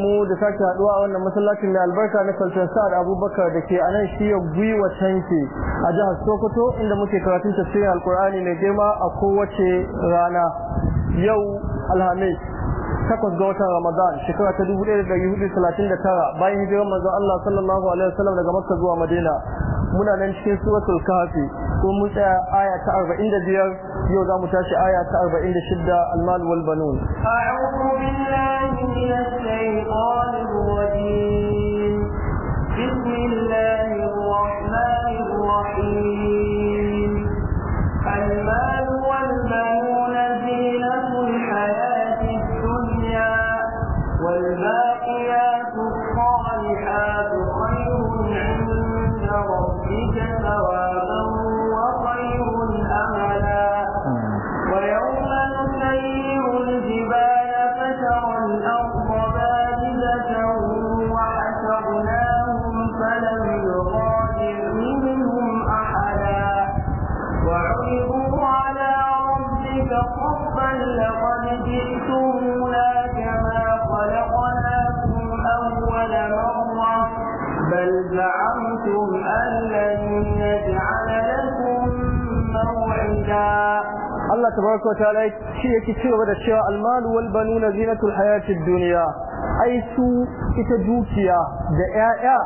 mu da sake haduwa a wannan masallacin mai albarka na Sultan Sa'ad Abubakar da ke anan shi ya gwiwa tanke a jihar Sokoto inda muke karatun tafsirin Alkur'ani mai girma a kowace rana yau Alhamis takwas ga watan Ramadan shekara ta 1439 bayan hijirar manzon Allah sallallahu alaihi wasallam daga Makka zuwa Madina muna nan cikin suratul kafi ko mun tsaya aya ta 45 yau za mu tashi aya ta 46 al-mal wal banun a'udhu billahi minash shaitanir rajim bismillah الله تبارك وتعالى شيء كثير هذا الشيء المال والبنون زينة الحياة الدنيا أي سوء تدوكيا دائعا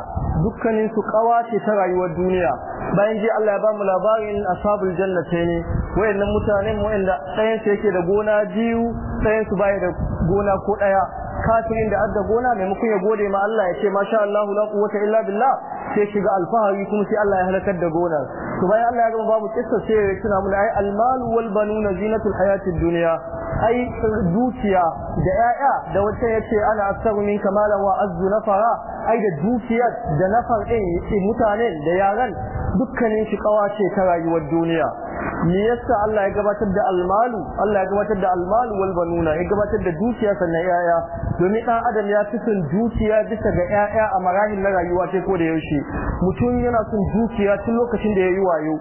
دكان سقواتي ترعي والدنيا بينجي الله يبام الأباغ إن أصاب الجنة wayannan mutanen wayanda ɗayan su yake da gona biyu ɗayan su bai da gona ko ɗaya kafirin da adda gona mai mukun ya gode ma Allah ya ce masha Allah la quwwata illa billah sai shiga alfahari kuma sai Allah ya halakar da gonar to bayan Allah ya gama babu kissa sai ya tuna mun ai almalu wal banuna zinatul hayatid dunya ai dukiya da yaya da wata yace ana asabu min kamala wa azzu nafara ai da dukiyar da nafar din mutanen da yaran dukkanin shi kawace ta rayuwar duniya me yasa Allah ya gabatar da almalu Allah ya gabatar da almalu wal banuna ya gabatar da dukiya sannan yaya domin dan adam ya fi son dukiya bisa ga yaya a marahin na rayuwa ce ko da yaushe mutum yana son dukiya tun lokacin da yayi wayo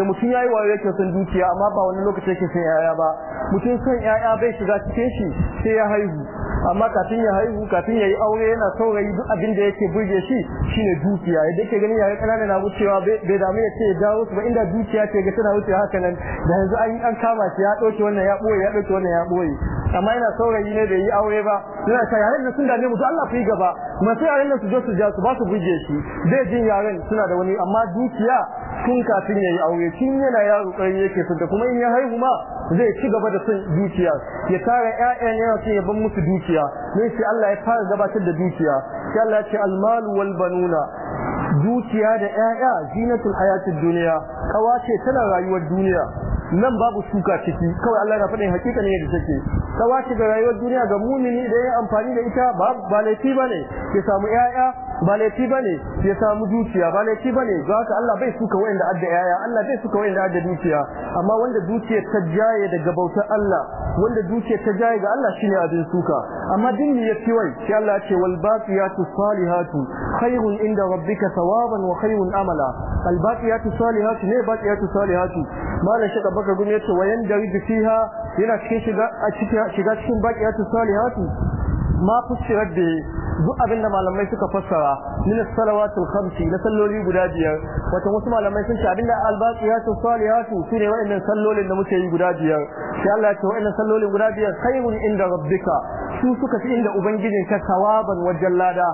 da mutum yayi wayo yake son dukiya amma ba wani lokaci yake son yaya ba mutum son yaya ɗa bai shiga cikin shi sai ya haihu amma kafin ya haihu kafin ya yi aure yana saurayi duk abin da yake burge shi shine dukiya yadda ke ganin yare kanana na wucewa bai damu ya ce ya dawo su ba inda dukiya ce ga tana wucewa haka nan da yanzu an an kama shi ya ɗauke wannan ya ɓoye ya ɗauke wannan ya ɓoye amma yana saurayi ne bai yi aure ba yana ta yaren na sun dame mu to Allah ku yi gaba masu yaren na su je su ja su ba su burge shi zai jin yaren suna da wani amma dukiya tun kafin ya yi aure tun yana yaro ƙarfi yake sun da kuma in ya haihu ma zai ci gaba da son dukiya ya tara ƴaƴan yana son ya ban musu dukiya ne sai Allah ya fara gabatar da dukiya sai Allah ya ce almalu wal banuna dukiya da ƴaƴa zinatul hayatid duniya kawace tana rayuwar duniya nan babu shuka ciki kawai Allah yana faɗin hakika ne da take ta wace da rayuwar duniya ga mumini da ya amfani da ita ba ba laifi bane ya samu yaya ba laifi bane ya samu dukiya ba laifi bane ga haka Allah bai suka wanda adda yaya Allah bai suka wanda adda dukiya amma wanda dukiya ta jaye daga bautar Allah wanda dukiya ta jaye ga Allah shine abin suka amma din ne yake wai sai Allah ce wal baqiyatu salihatu khairun inda rabbika thawaban wa khairun amala al baqiyatu salihatu ne baqiyatu salihatu malan shaka baka gumi yace wayan darij fiha yana cikin shiga cikin baqiyatu salihati ma fusirat da duk abin da malamai suka fassara min salawatul khamsi na salloli guda biyar wato wasu malamai sun ce abin da albaqiyatu salihatu sune wa'annan sallolin da muke yi guda biyar sai Allah ya ce wa'annan sallolin guda biyar khairun inda rabbika su suka fi inda ubangijin ka sawaban wajen lada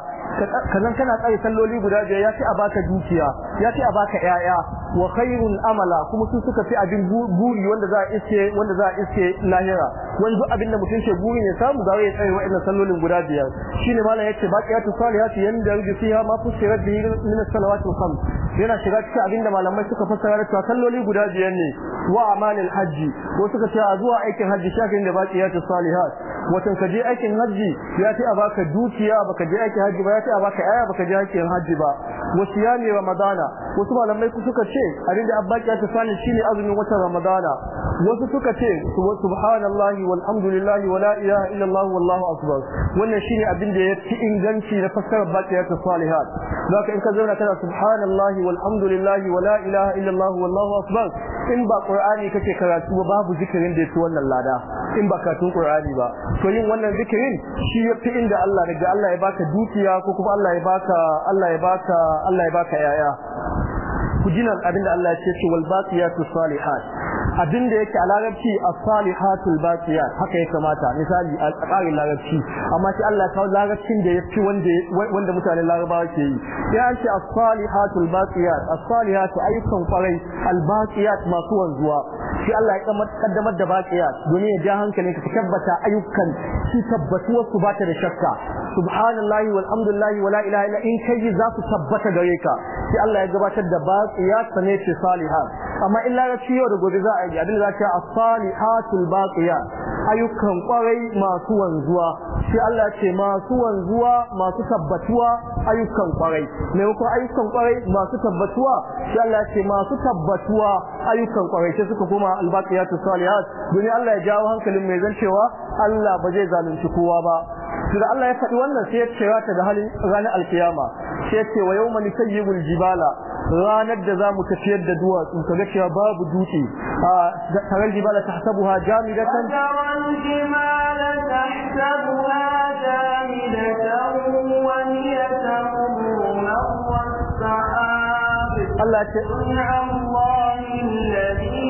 kazan kana tsare salloli guda biyar ya ce a baka dukiya ya ce a baka yaya wa khairun amala kuma su suka fi abin buri wanda za a iske wanda za a iske lahira wani duk abin da mutum ke buri ne samu za ya tsare wa'annan sallolin guda biyar shine malam yace baqiyatu salihati yanda rubi fiha ma fusirat bihi min as-salawati al yana shiga cikin abinda malamai suka fassara da cewa kalloli guda biyar ne wa amalil hajji ko suka ce a zuwa aikin hajji shafin da baqiyatu salihat watan ka je aikin hajji ya ce a baka dukiya baka je aikin hajji ba ya ce a baka aya baka je aikin hajji ba wa siyami ramadana wasu malamai ku suka ce abinda abbaki ya tsani shine azumin watan ramadana wasu suka ce subhanallahi walhamdulillahi wala ilaha illallah wallahu akbar wannan shine abin ya fi inganci na fassarar baki ya salihat zaka in ka zauna kana subhanallahi walhamdulillahi wala ilaha illallah wallahu akbar in ba qur'ani kake karatu ba babu zikirin da yake wannan lada in ba karatun qur'ani ba to yin wannan zikirin shi yafi inda Allah daga Allah ya baka dukiya ko kuma Allah ya baka Allah ya baka Allah ya baka yaya ku abinda Allah ya ce wal baqiyatu salihat abin da yake a larabci as-salihatul baqiyat haka ya kamata misali a tsarin larabci amma shi Allah ta larabcin da yafi wanda wanda mutanen larabawa ke yi ya ce as-salihatul baqiyat as-salihatu ayyukan farai al-baqiyat masu wanzuwa shi Allah ya kaddamar da baqiyat ya ja hankali ka tabbata ayyukan shi tabbatu wasu ba ta da shakka subhanallah walhamdulillahi wala ilaha illa in kai za su tabbata gare ka Allah ya gabatar da baqiyat ne ce salihat amma illa ga ciyo da gobe za abin da zaka as-salihatul baqiya ayyukan kwarai masu wanzuwa shi Allah ce masu wanzuwa masu tabbatuwa ayyukan kwarai maimakon ayyukan kwarai masu tabbatuwa shi Allah ce masu tabbatuwa ayyukan kwarai sai suka koma al-baqiyatus salihat duniya Allah ya jawo hankalin mai zancewa Allah ba zai zalunci kowa ba da Allah ya faɗi wannan sai ya cewa ta da halin ranar alkiyama sai ce wa yawma nusayyibul jibala ranar da zamu tafiyar da duwatsu kaga cewa babu dutse a ترى الجبال تحسبها جامدة وترى تحسبها جامدة وهي تمر مر السحاب الله الذي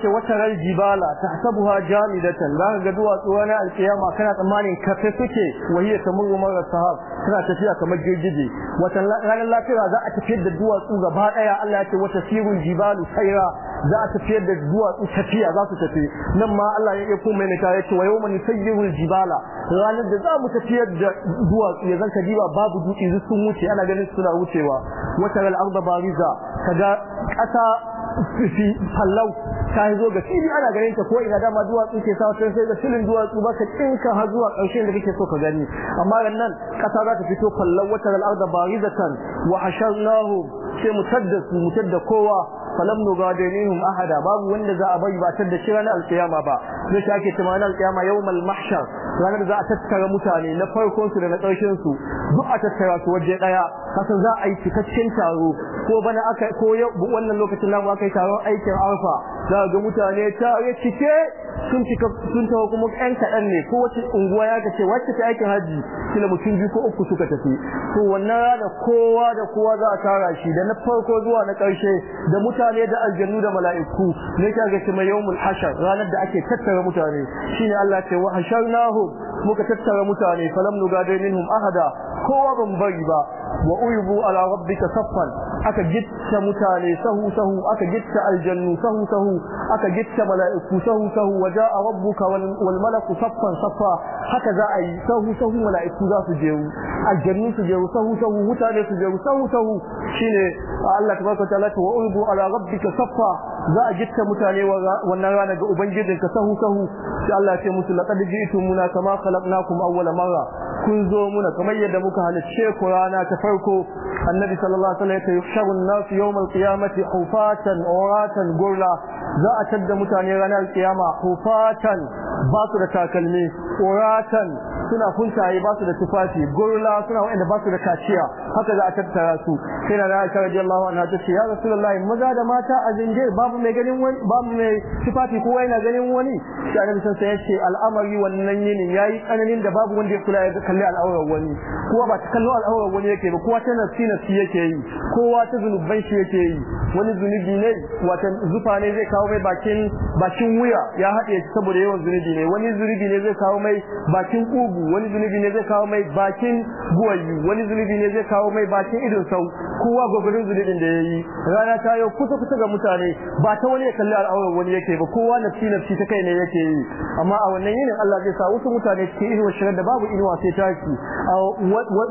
ce wata ral jibala tahsabuha jamidatan zaka ga duwatsu ranar alkiyama kana tsammanin kafe suke wahiya tamurru mara sahab tafiya kamar girgije wata ranar lafiya za a tafiyar da duwatsu gaba daya Allah ya ce wata sirul jibalu sayra za a tafiyar da duwatsu tafiya za su tafi nan ma Allah ya kuma mai ta yace wa yawma nusayyirul jibala ranar da za mu tafiyar da duwatsu ya zanka jiba babu dutse sun wuce ana ganin suna wucewa wata ral bariza kaga kasa fi fallau ta zo ga fili ana ganin ta ko ina dama duwatsu ke sa wata sai ga silin duwatsu ba ka tinka har zuwa ƙarshen da kake so ka gani amma nan ƙasa za ta fito fallau wata al'arda barizatan wa asharnahu sai mu tadda su mu tadda kowa falam nugadirihim ahada babu wanda za a bari ba tadda shi ranar alkiyama ba sai shi ake ranar alkiyama yawmal mahshar ranar za a tattara mutane na farkon su da na ƙarshen su duk a tattara su waje daya kasan za a yi cikakken taro ko bana aka ko wannan lokacin namu aka yi taron aikin arfa za ga mutane tare cike sun cika sun tawo kuma ƴan kaɗan ne ko wace unguwa ya kace wacce ta aikin haji kila mutum biyu ko uku suka tafi to wannan rana kowa da kowa za a tara shi da Ana na farko zuwa na karshe da mutane da aljannu da mala'iku ne ka ga kuma yawmul hashar ranar da ake tattara mutane shine Allah ce wa hasharnahu muka tattara mutane falam nugadai minhum ahada kowa ban bari ba wa uybu ala rabbika saffan aka gitta mutane sahu sahu aka gitta aljannu sahu sahu aka gitta mala'iku sahu sahu waja'a rabbuka wal malaku saffan saffa haka za a yi sahu sahu mala'iku za su je aljannu su je sahu sahu mutane su je sahu sahu shine Allah tabaraka ta'ala wa ulbu ala rabbika saffa za a gitta mutane wannan rana ga ubangijin ka sahu sahu sai Allah ya ce musu laqad ji'tumuna kama khalaqnakum awwala marra kun zo muna kamar yadda muka halice ku rana ta farko annabi sallallahu alaihi wasallam ya ce yuhsharun nas yawm alqiyamati hufatan uratan gurla za a tadda mutane ranar kiyama hufatan ba su da takalmi uratan suna kuntaye ba su da tufafi gurla suna wanda ba su da kaciya haka za a tattara su sai na Aisha radiyallahu na ta ce ya Rasulullahi maza da mata a zinjir babu mai ganin wani babu mai tufafi kowa yana ganin wani sai Annabi sai ya ce al'amari wannan yinin yayi tsananin da babu wanda ya kula ya kalli al'aurar wani kowa ba ta kallo al'aurar wani yake ba kowa ta nafsi nafsi yake yi kowa ta zunuban shi yake yi wani zunubi ne wata zufa ne zai kawo mai bakin wuya ya haɗe saboda yawan zunubi ne wani zunubi ne zai kawo mai bakin kugu wani zunubi ne zai kawo mai bakin guwayi wani zunubi ne zai kawo mai bakin idon sau kowa gwagwarin zunubin da ya yi. rana ta yau kusa kusa ga mutane ba ta wani ya kalli al'aurar wani yake ba kowa nafsi nafsi ta kai ne yake yi amma a wannan yinin Allah zai sa wasu mutane cikin inuwa shirar da babu inuwa sai taki a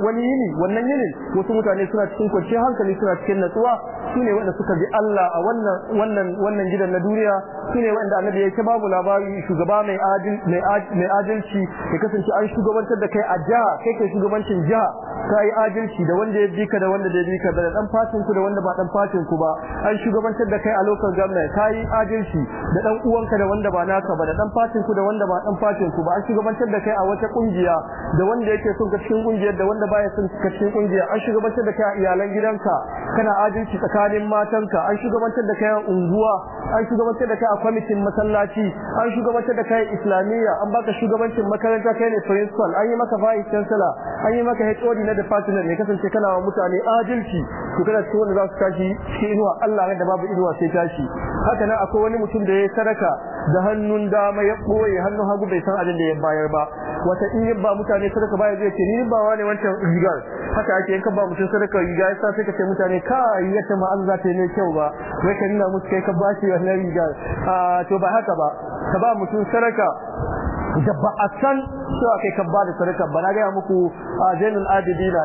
wani yini wannan yinin wasu mutane suna cikin kwanciyar hankali suna cikin natsuwa su ne wanda suka bi Allah a wannan gidan na duniya ne wanda annabi ya ce babu labari shugaba mai adil mai adalci ya kasance an shugabantar da kai a jiha kai ke shugabancin jiha kai adalci da wanda ya bi ka da wanda bai bi ka da dan fatin ku da wanda ba dan fatin ku ba an shugabantar da kai a lokacin gwamnati kai adalci da dan uwanka da wanda ba naka ba da dan fatin ku da wanda ba dan fatin ku ba an shugabantar da kai a wata kungiya da wanda yake son ka cikin kungiyar da wanda baya son ka cikin kungiya an shugabantar da kai a iyalan gidanka kana adalci tsakanin matanka an shugabantar da kai a unguwa an shugabantar da kai a kwamitin masallaci an shugabantar da kai islamiyya an baka shugabancin makaranta kai ne principal an yi maka vice chancellor an yi maka head na kana da partner ne kasance kana wa mutane adalci to kana cikin wanda za su tashi cikin inuwa Allah ran da babu inuwa sai tashi haka nan akwai wani mutum da ya sadaka da hannun dama ya boye hannun hagu bai san abin da ya bayar ba wata in ba mutane sadaka baya zai ce ni ba ne wancan rigar haka ake yanka ba mutum sadaka riga ya sa sai ka ce mutane kai ya ta ma za ta yi kyau ba wai ka nuna musu kai ka bashi wannan rigar ah, to ba haka ba ka ba mutum sadaka da ba a san cewa kai bada sadaka ba na ga muku Zainul na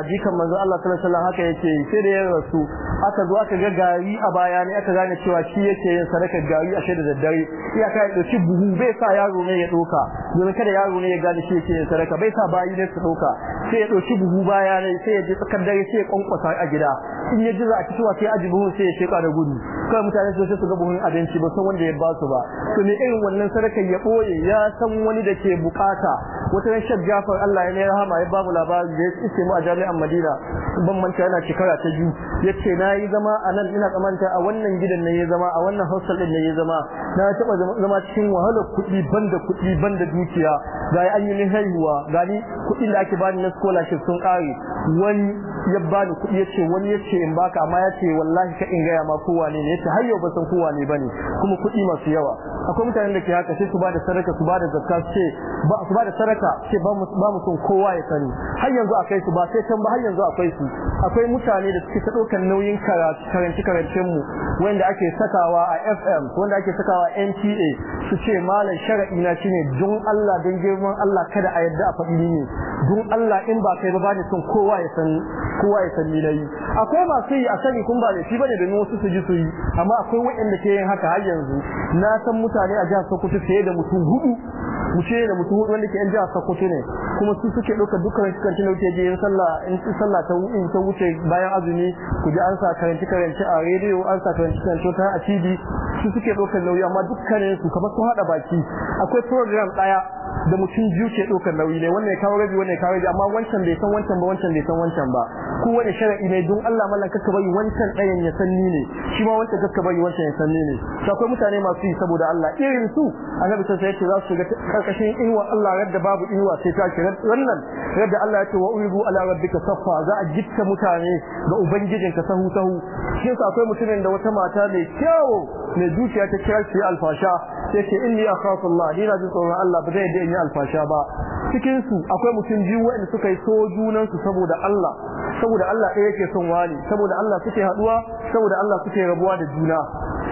jikan manzo Allah sallallahu alaihi wasallam haka yake sai da ya rasu aka zo aka ga gari a baya ne aka gane cewa shi yake yin sadaka, gari a da daddare sai aka yi buhu bai sa yaro ne ya doka domin kada yaro ne ya gane shi yake yin sadaka bai sa bayi ne su doka sai ya doki buhu baya sai ya je tsakar dare sai ya kwankwasa a gida in ya ji za a fitowa sai aji buhun sai ya sheka da gudu kai mutane su su ga buhun abinci ba san wanda ya ba su ba to ne irin wannan sadakar ya boye ya san wani da yake bukata wata ran Sheikh Jafar Allah ya rahama ya babu labari da yake mu a jami'an Madina ban manta yana shekara ta biyu yace nayi zama a nan ina tsamanta a wannan gidan ne ya zama a wannan hostel din ne ya zama na taba zama cikin wahalar kuɗi banda kuɗi banda dukiya ga an yi haihuwa ga ni kudi da ake bani na scholarship sun kare wani ya bani kuɗi yace wani yace in baka amma yace wallahi ka in gaya ma kowa ne yace har yau ba san kowa ne bane kuma kuɗi masu yawa akwai mutanen da ke haka sai su ba da sadaka su ba da zakka ce ba su ba da sadaka ce ba mu ba son kowa ya sani har yanzu akai su ba sai can ba har yanzu akwai su akwai mutane da suke ta nauyin karanci karancen mu wanda ake sakawa a FM wanda ake sakawa a NTA su ce malam shar'i na shine don Allah don girman Allah kada a yadda a faɗi ne don Allah in ba kai ba ba ne son kowa ya sani kowa ya sani nayi akwai masu yi a sani kun ba da shi bane da wasu su ji su yi amma akwai waɗanda ke yin haka har yanzu na san mutane mutane a jihar Sokoto fiye da mutum é hudu mutum da mutum hudu wanda ke yan jihar Sokoto ne kuma su suke ɗauka dukkan karanci na wuce jiyar sallah in su sallah ta in ta wuce bayan azumi ku ji an sa karanci karanci a rediyo an sa karanci karanci ta a TV su suke ɗaukar nauyi amma dukkanin su kamar sun haɗa baki akwai program ɗaya da mutum biyu ke ɗaukar nauyi ne wannan ya kawo rabi wannan ya kawo rabi amma wancan bai san wancan ba wancan bai san wancan ba ko wani shari'i ne don Allah mallan kaka bari wancan ɗayan ya sanni ne shi ma wancan kaka bari wancan ya sanni ne to akwai mutane masu yi saboda Allah irin su annabi sai ya ce za su ga karkashin inuwa Allah yadda babu inuwa sai ta kira wannan yadda Allah ya ce wa uibu ala rabbika saffa za a gitta mutane ga ubangijinka sahu sahu shi yasa akwai mutumin da wata mata mai kyau mai zuciya ta kira shi alfasha sai ce inni akhafu Allah ni na tsoron Allah ba zai da in alfasha ba cikin su akwai mutum biyu wanda suka yi so junan su saboda Allah saboda Allah ɗaya yake son wani saboda Allah suke haduwa saboda Allah suke rabuwa da juna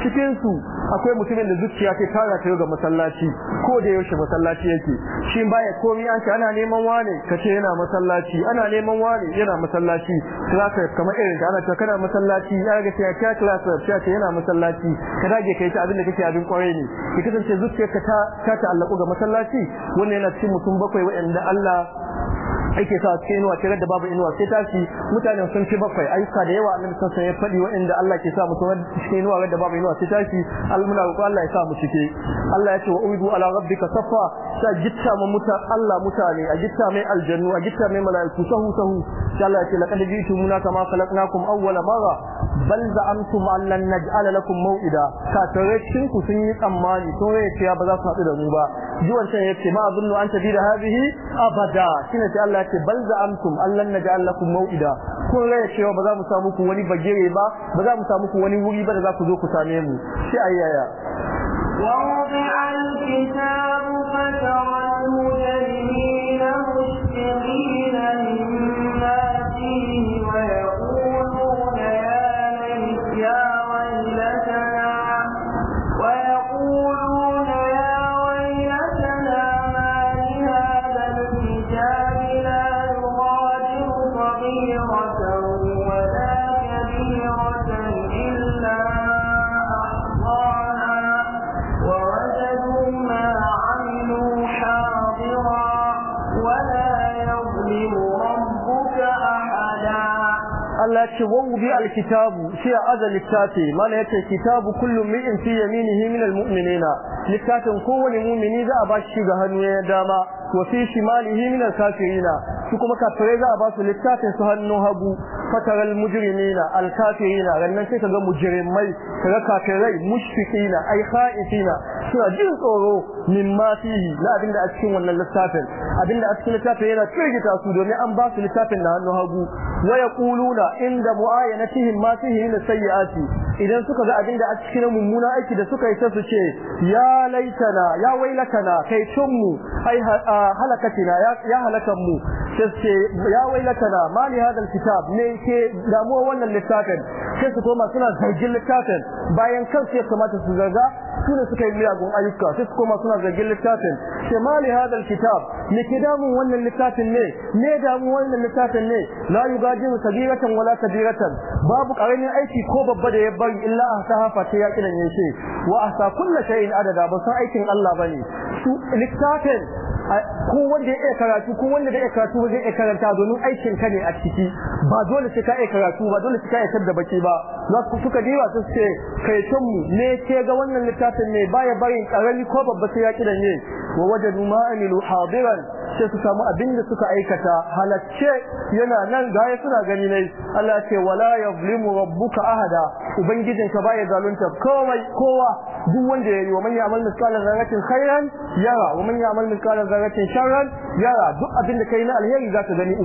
cikin su akwai mutumin da zuciya ke tara ta ga masallaci ko da yaushe masallaci yake shi baya komai an ce ana neman wane kace yana masallaci ana neman wane yana masallaci class kamar irin da ana ce kana masallaci ya ga cewa ka class ya ce yana masallaci ka dage kai ta abin da kake abin kwarai ne ki kasance zuciyarka ta ta ta'allaku ga masallaci wannan yana cikin mutum bakwai wa'anda Allah ake sa cikin inuwa tare da babu inuwa sai tashi mutane sun ci bakwai ayyuka da yawa annabi sun sai fadi wa'anda Allah ke sa mu cikin inuwa da babu inuwa sai tashi almuna ko Allah ya sa mu cike Allah ya ce wa uidu ala rabbika safa ta gitta mu muta Allah mutane a gitta mai aljannu a gitta mai mala'iku sahu sahu Allah ya ce laqad jitumuna kama khalaqnakum awwala marra bal za'amtum an lan naj'ala lakum maw'ida ka tare ku sun yi tsammani sun ya ce ba za su haɗu da mu ba jiwan sai ya ce ma azunnu an tabida hadhihi abada shine sai Allah ce bal za'amtum allan naj'al lakum maw'ida kun raya cewa ba za mu samu ku wani bagere ba ba za mu samu ku wani wuri ba da za ku zo ku same mu shi ayyaya wa al-kitabu yace wa bi alkitabu shi a azal littafi mana yace kitabu kullu min fi yaminihi min almu'minina littafin kowane mu'mini za a ba shi ga hannu ya dama wa fi shimalihi min alkafirina su kuma kafirai za a ba su littafin su hannun hagu fataral mujrimina alkafirina rannan sai kaga mujrimai kaga kafirai mushfiqina ai khaifina suna jin tsoro mimma fihi na abinda a cikin wannan littafin abinda a cikin littafin yana firgita su domin an ba su littafin na hannun hagu wa yaquluna inda muayanatihim ma fihi min sayyiati idan suka ga abin da a cikin mummuna aiki da suka yi ta su ce ya laitana ya wailatana kai tunmu ai halakatina ya halakan mu sai ya wailatana ma li hada alkitab me ke damuwa wannan littafin sai su koma suna zargin littafin bayan kan kansu ya kamata su zarga su suka yi miyagun ayyuka sai su koma suna zargin littafin sai ma hadal kitab alkitab me ke damun wannan littafin ne me damun wannan littafin ne la jin sagiratan wala kabiratan babu karamin aiki ko babba da ya bari illa ahsaha fa ta yakin yace wa ahsa kullu shay'in adada ba san aikin Allah bane su littafin ko wanda ya iya karatu ko wanda da iya karatu ba zai iya karanta domin aikin ka ne a ciki ba dole sai ka iya karatu ba dole sai ka iya da baki ba za su suka diba su ce kai mu ne ke ga wannan littafin ne baya barin karami ko babba sai ya kidan ne wa wajadu ma amilu hadiran sai su samu abin da suka aikata halacce yana nan ga ya suna gani ne Allah ce wala yazlimu rabbuka ahada ubangijinka baya zalunta komai kowa duk wanda yayi wa man ya'mal mithqala dharratin khairan yara wa man ya'mal mithqala dharratin sharran yara duk abin da kai na alheri zaka gani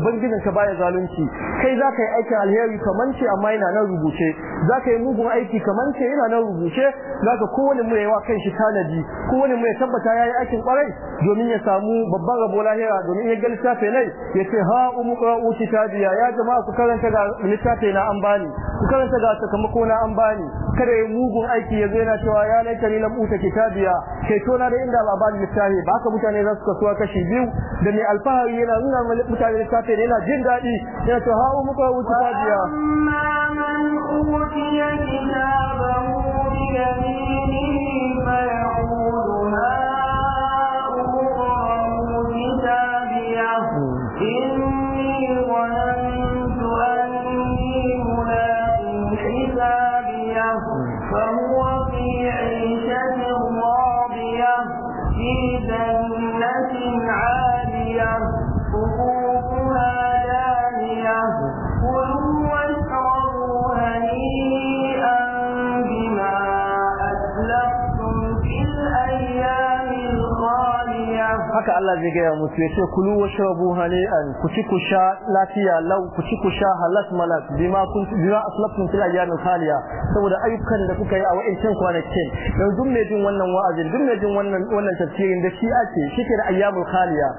ka baya zalunci kai zaka yi aikin alheri kaman ce amma yana nan rubuce zaka yi mugun aiki kaman ce yana nan rubuce zaka kowane mu yawa kan shi tanadi kowane mu ya tabbata ya yi aikin kwarai domin ya samu babban rabo lahira domin ya ga littafi ya yace ha umqra'u kitabiya ya jama'a ku karanta ga littafi na an bani ku karanta ga sakamako na an bani kada ya mugun aiki ya zo yana cewa ya laita ni ta ke kitabiya kai to na da inda ba bani littafi ba ka mutane za su kasuwa kashi biyu da mai alfahari yana nuna mutane da littafin yana jin daɗi yana cewa ha'u muka wuce amma man utiya kitabahu bi yaminihi fa Allah zai gaya musu ya ce kulu wa shrabu hani'an ku ci ku sha lafiya lau ku ci ku sha halas malas bima kun bima aslaftum fil ayyamin khaliya saboda ayyukan da kuka yi a wa'ancin kwanakin yanzu me jin wannan wa'azin duk me jin wannan wannan tafsirin da shi ake shike da ayyamul khaliya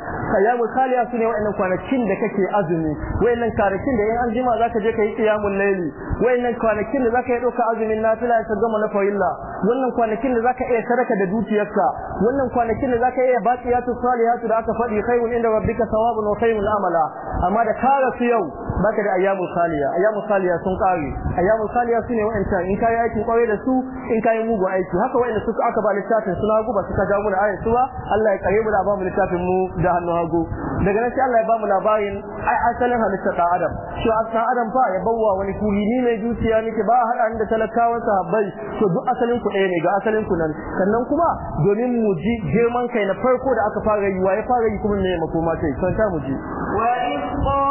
ayyamul khaliya sune wa'annan kwanakin da kake azumi wa'annan karakin da in an jima zaka je kai qiyamul layli wa'annan kwanakin da zaka yi doka azumin nafila sai gama na fa'illa wannan kwanakin da zaka iya sadaka da dukiyarka wannan kwanakin da zaka iya baqiyatu salihatu da aka faɗi kai khairun inda rabbika thawabun wa khairun amala amma da kara su yau baka da ayyamu saliya ayyamu saliya sun kare ayyamu saliya sune wa'anta in kai aikin kware da su in kai mugu aiki haka wa'anda suka aka ba littafin suna hagu ba suka jago da ayat suwa Allah ya kare mu da ba mu littafin mu da hannu hagu daga nan sai Allah ya ba mu labarin ai asalin halitta ta adam shi asalin adam fa ya wa wani kuri ni mai zuciya nake ba hada da talakawa sahabbai to duk asalin ku ɗaya ne ga asalin ku nan sannan kuma domin mu ji girman kai na farko da aka fara yi wa ya fara yi kuma ne makoma kai san ta mu ji wa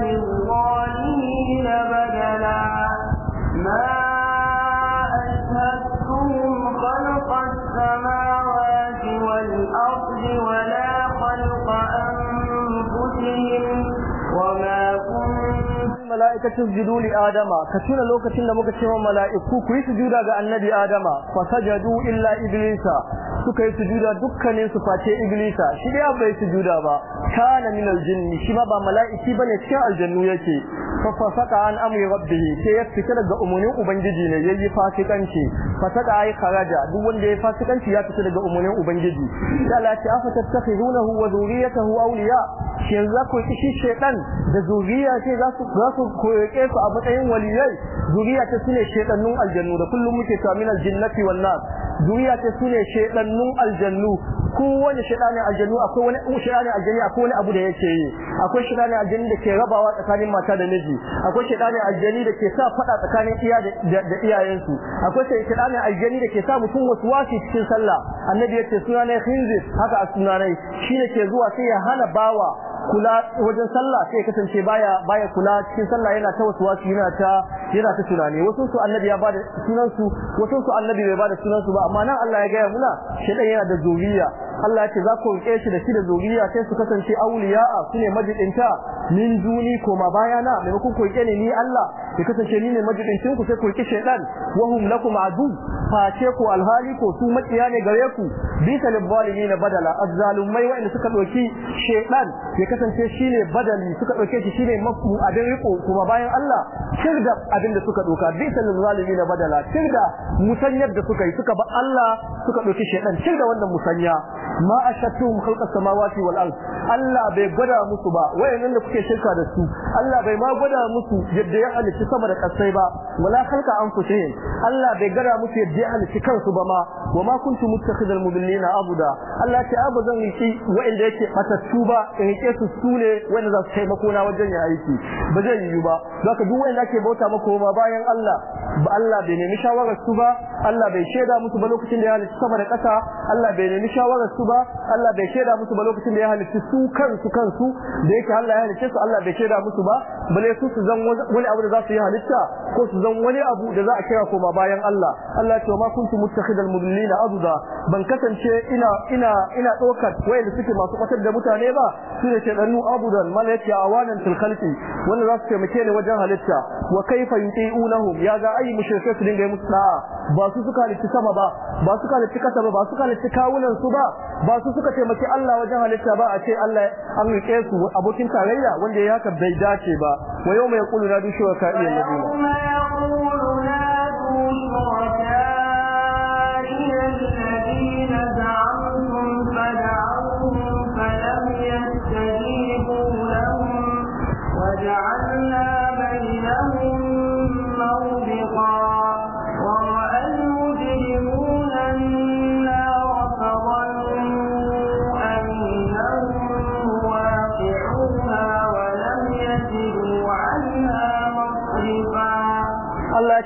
للظالمين بدلا ما أشهدتهم خلق السماوات والأرض ولا خلق أنفسهم وما كنت ملائكة تسجدوا لآدم كثيرا لو كثيرا مكتشفا ملائكة كويس جودا عن النبي آدم فسجدوا إلا إبليس suka yi sujuda dukkanin su face iblisa shi dai bai sujuda ba kana min aljinni shi ma ba mala'iki bane cikin aljannu yake fa fasaka an amri rabbih sai ya fita daga umurnin ubangiji ne yayi fasikanci fasaka ai kharaja duk wanda yayi fasikanci ya fita daga umurnin ubangiji sai Allah ya fa tattakhidunahu wa zuriyatahu awliya shi yanzu ku kishi shedan da zuriya ce za su za su koyeke su a matsayin waliyai zuriya ta sune shedanun aljannu da kullum muke ta min aljinnati wan nas duniya ce sune shedannun aljannu kowane shedanin aljannu akwai wani shedanin aljanni akwai wani abu da yake yi akwai shedanin aljanni da ke rabawa tsakanin mata da miji akwai shedanin aljanni da ke sa fada tsakanin iya da iyayensu akwai shedanin aljanni da ke sa mutum wasu wasu cikin sallah annabi yace suna ne khinzir haka a suna shine ke zuwa sai ya hana bawa kula wajen sallah sai kasance baya baya kula cikin sallah yana ta wasu wasu yana ta yana ta tunani wasu su annabi ya bada sunan su wasu su annabi bai bada sunan su ba amma nan Allah ya gaya muna shi dan yana da zuriya Allah ya ce za ku rike shi da shi da zuriya sai su kasance su sune majidinta min duni baya na maimakon ku rike ni ni Allah ya kasance ni ne majidincin ku sai ku rike shaytan wa hum lakum adu fa ce ku alhali ko su makiya ne gare ku bisa lil zalimin badala azzalumai wa'anda suka doki shaytan ya kasance shine badali suka ɗauke shi ne mafu abin riko kuma bayan Allah shir da abin da suka doka bisan na badala da musanyar da suka yi suka ba Allah suka dauke shir da wannan musanya ma ashatuhum khalqa samawati wal ard Allah bai gwada musu ba wayannan da kuke shirka da su Allah bai ma gwada musu yadda ya halitta sama da kasai ba wala khalqa anfusihim Allah bai gwada musu yadda ya halitta kansu ba ma wama kuntum muttakhidhal mudillina abuda Allah ce abu zan yi wayanda yake matattu ba in yake su sune wanda za su taimako na wajen ya aiki ba zai yi ba zaka duk wayanda ake bauta maka ma bayan Allah Allah bai nemi shawarar su ba Allah bai sheda musu ba lokacin da ya halitta sama da kasa Allah bai nemi shawarar su ba Allah bai shaida musu ba lokacin da ya halicci su kansu kansu da yake Allah ya halicce su Allah bai shaida musu ba bale su su zan wani abu da za su yi halitta ko su zan wani abu da za a kira koma bayan Allah Allah ya ce ma kuntu muttakhidal mudillina azza ban kasance ina ina ina dokar wayanda suke masu kwatar da mutane ba su ne ce danu abudan malaka awanan fil khalqi wanda za su taimake ni wajen halitta wa kaifa yuti'unahum ya ga ai mushrikai su dinga yi musu ba su suka halitta sama ba ba su suka halitta kasa ba ba su suka halitta kawunan su ba ba su suka taimaki Allah wajen halitta ba a ce Allah an rike su abokin tarayya wanda ya haka bai dace ba wa yau mai Kulu na dushu wa ka'iyan nabiyina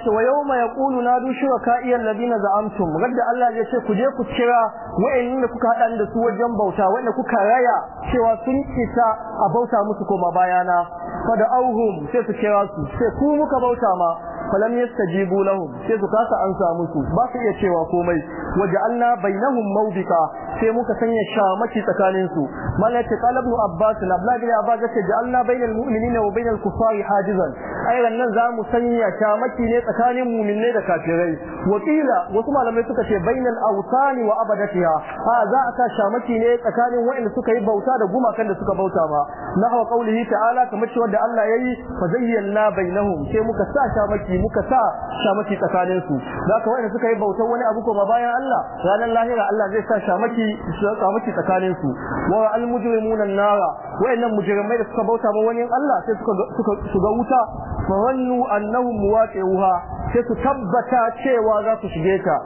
ce wa yawma yaqulu nadu shuraka'iy alladhina za'amtum gadda Allah ya ce ku je ku kira wa'annin da kuka hada da su wajen bauta wanda kuka raya cewa sun kisa a bauta musu koma bayana fa da auhum sai su kira su sai ku muka bauta ma falam yastajibu lahum sai su kasa ansa musu ba su iya cewa komai waja'alna bainahum mawbika sai muka sanya shamaki tsakanin su malaka qala ibn abbas na abla bin abbas ce ja'alna bainal mu'minina wa bainal kuffari hajizan ai wannan za mu sanya shamaki ne tsakanin mu'minai da kafirai wakila wasu malamai suka ce bainal awtani wa abadatiha ha za a sa shamaki ne tsakanin wa'anda suka yi bauta da gumakan da suka bauta ba nahwa qawlihi ta'ala kamar cewa da Allah yayi fa zayyana bainahum sai muka sa shamaki muka sa shamaki tsakanin su zaka wanda suka yi bautar wani abu kuma bayan Allah ranar lahira Allah zai sa shamaki shamaki tsakanin su wa al mujrimuna nara wayannan mujrimai da suka bauta ma wani Allah sai suka suka shiga wuta fa wannu annahum waqi'uha sai su tabbata cewa za su shige ta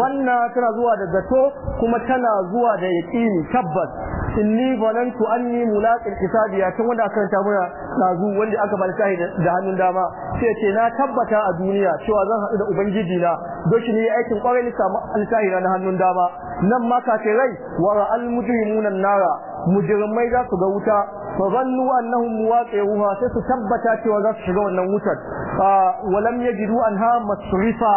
zanna tana zuwa da zato kuma tana zuwa da yaqini tabbas inni balantu anni mulaqil hisabi ya tun wanda aka mana dazu wanda aka balkahi da hannun dama sai ce na tabbata a duniya cewa zan haɗu da ubangiji na doki ne aikin kwarai ni samu alkahi na hannun dama nan ma ka ce rai wa ra'al mujrimuna nara mujrimai za su ga wuta fa zannu annahum muwaqi'uha sai su tabbata cewa za su shiga wannan wutar wa lam yajidu anha masrifa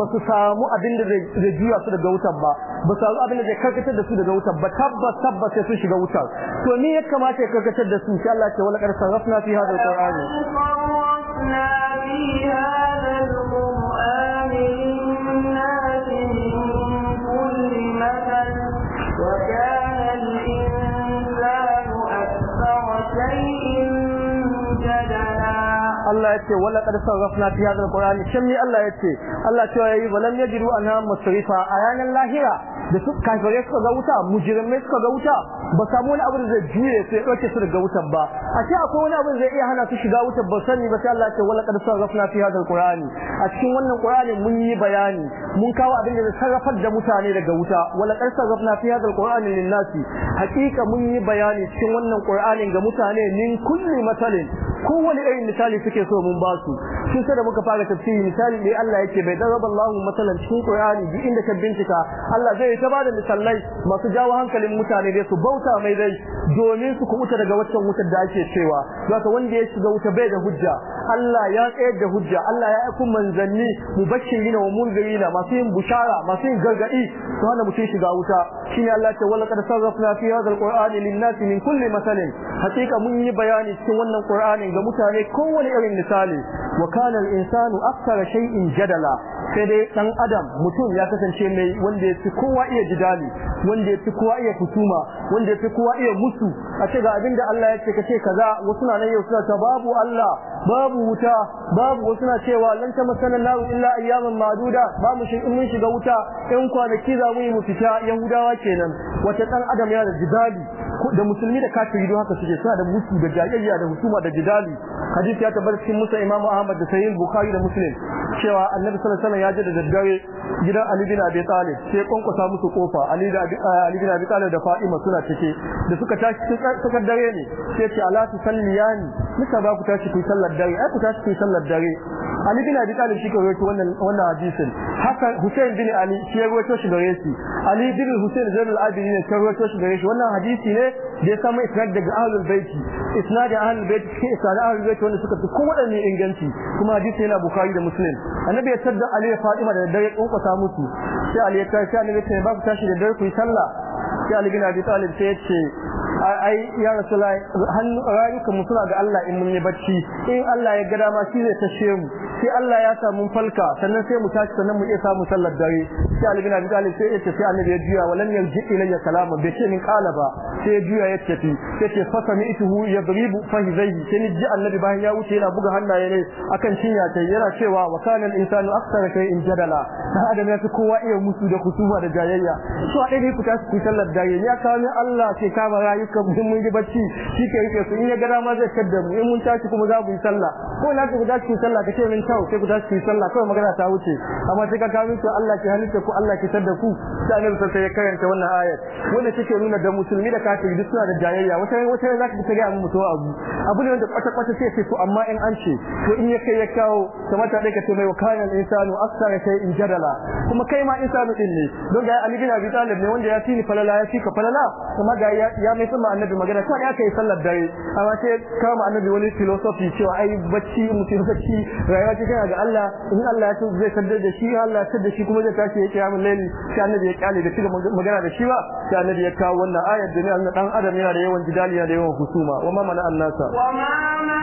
ba su samu abin da zai juya su daga wutar ba ba su samu abin da zai karkatar da su daga wutar ba tabbas tabbas sai su shiga wutar to ni ya kamata ya karkatar da su insha Allah ke wala qad sarrafna fi hadha al-qur'ani Allah yace wala qad sarrafna fi hadha alqur'ani shin ni Allah yace Allah cewa yayi walam yajidu anha musrifa ayanan lahira da su kafire suka ga wuta mujrimai suka ga wuta ba samu wani abu da zai jure su ya dauke su daga wutar ba a ce akwai wani abu da zai iya hana su shiga wutar ba sani ba sai Allah ya ce wala qad sarrafna fi hadha alqur'ani a cikin wannan qur'ani mun yi bayani mun kawo abin da zai sarrafar da mutane daga wuta wala qad sarrafna fi hadha alqur'ani lin-nasi hakika mun yi bayani cikin wannan qur'anin ga mutane min kulli masalin kowane irin misali suke so mun ba su shin sai da muka fara tafsiri misali dai Allah yake bai daraba Allahu masalan cikin Qur'ani duk inda ka bincika Allah zai ta bada misalai masu jawo hankalin mutane dai su bau auka mai dai domin su kubuta daga waccan wutar da ake cewa zaka wanda ya shiga wuta bai da hujja Allah ya tsayar da hujja Allah ya aika manzanni mubashirin wa munzirina masu yin bushara masu yin gargadi to hana mutum shiga wuta shine Allah ta wala qad sarrafna fi hadha alqur'ani lin-nasi min kulli masalin hakika mun yi bayani cikin wannan qur'anin ga mutane kowane irin misali wa kana al-insanu akthara shay'in jadala sai dai dan adam mutum ya kasance mai wanda ya fi kowa iya jidali wanda ya fi kowa iya kusuma wanda je sai kowa iya musu a ce ga abinda Allah ya ce kace kaza wasu na nan yau suna ta babu Allah babu wuta babu wasu na cewa lan ta illa ayyaman maduda ba mu shin mun shiga wuta in kwanaki za mu yi mu fita yahudawa kenan wata dan adam ya da jidali da musulmi da kafiri don haka suke suna da musu da jayayya da husuma da jidali hadisi ya tabbata cikin musa imamu ahmad da sahih bukhari da muslim cewa annabi sallallahu alaihi wasallam ya je da daddare gidan Ali bin Abi Talib sai kwankwasa musu kofa Ali da eh, Ali bin Abi Talib da Fatima suna cike da suka tashi suka dare ne sai ce ala tusalliyani muka za ku tashi ku sallar dare ai ku tashi ku sallar dare Ali bin Abi Talib shi ke rawaito wannan wannan hadisin haka Hussein bin Ali shi ya rawaito shi gare shi Ali bin Hussein Zainul Abidin ne rawaito shi gare shi wannan hadisi ne da ya samu isnad daga Ahlul Bait isnad Ahlul Bait shi isnad Ahlul Bait wanda suka fi kowanne inganci kuma hadisi yana Bukhari da Muslim Annabi ya tada Ali ya Fatima da dare kokota musu sai Ali ya tashi Annabi ya ce ba ku tashi da dare ku yi sallah sai Ali bin Abi Talib sai ya ce ai ya rasulullahi hannu rayukan mu suna ga Allah in mun yi bacci in Allah ya ga dama shi zai tashe mu sai Allah ya samu falka sannan sai mu tashi sannan mu iya samu sallar dare sai Ali bin Abi Talib sai yace sai Annabi ya juya walan yarji ilayya kalama bai ce min kala ba sai ya juya ya tafi yace fa sami'tuhu yadribu zai sai ni ji Annabi bayan ya wuce yana buga hannaye ne akan cinya ta yana cewa wa kana al-insanu aktsara in jadala dan adam ya fi kowa iya musu da kusuma da jayayya so a dai ku tashi ku sallar dare ya kawo Allah sai kama rayu ka mun ji bacci shi ke rike su in ya gada ma zai kadda mu in mun tashi kuma za mu yi sallah ko na ku da ku sallah kace min tawo sai ku da ku sallah kawai magana ta wuce amma sai ka kawo su Allah ki halitta ku Allah ke sadda ku sai annabi sai ya karanta wannan ayat wanda take nuna da musulmi da kafiri duk suna da jayayya wata wata za ka fita a mu mutuwa abu abu ne wanda kwata kwata sai ce to amma in an ce to in ya kai ya kawo kamata dai ka ce mai wakana insanu aksara sai in jadala kuma kai ma insanu din ne don ga Ali bin bi Talib ne wanda ya fi ni falala ya fi ka falala kuma ga ya mai ma annabi magana kawai aka yi sallar dare amma sai kama annabi wani philosophy cewa ai bacci mutum bacci rayuwa ce ga Allah in Allah ya tuba zai sadar da shi Allah ya da shi kuma zai tashi ya mun laili sai annabi ya kyale da shi magana da shi ba sai annabi ya kawo wannan ayar da ne Allah dan adam yana da yawan jidaliya da yawan husuma wa ma mana annasa wa ma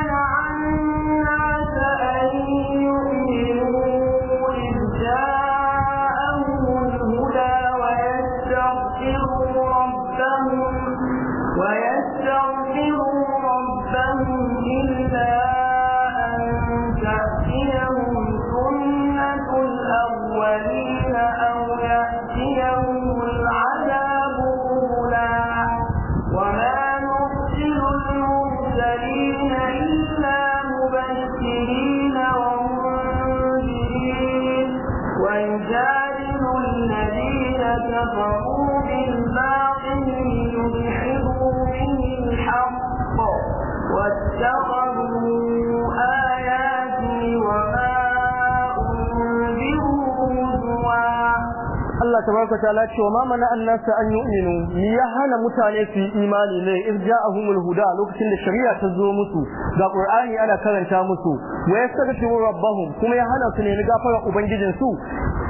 Allah tabaraka ta'ala ce ma mana annasa an yu'minu ni ya hana mutane su yi imani ne in ja'ahumul huda lokacin da shari'a ta zo musu ga Qur'ani ana karanta musu wa yastaghfiru rabbahum kuma ya hana su ne ni gafarar ubangijin su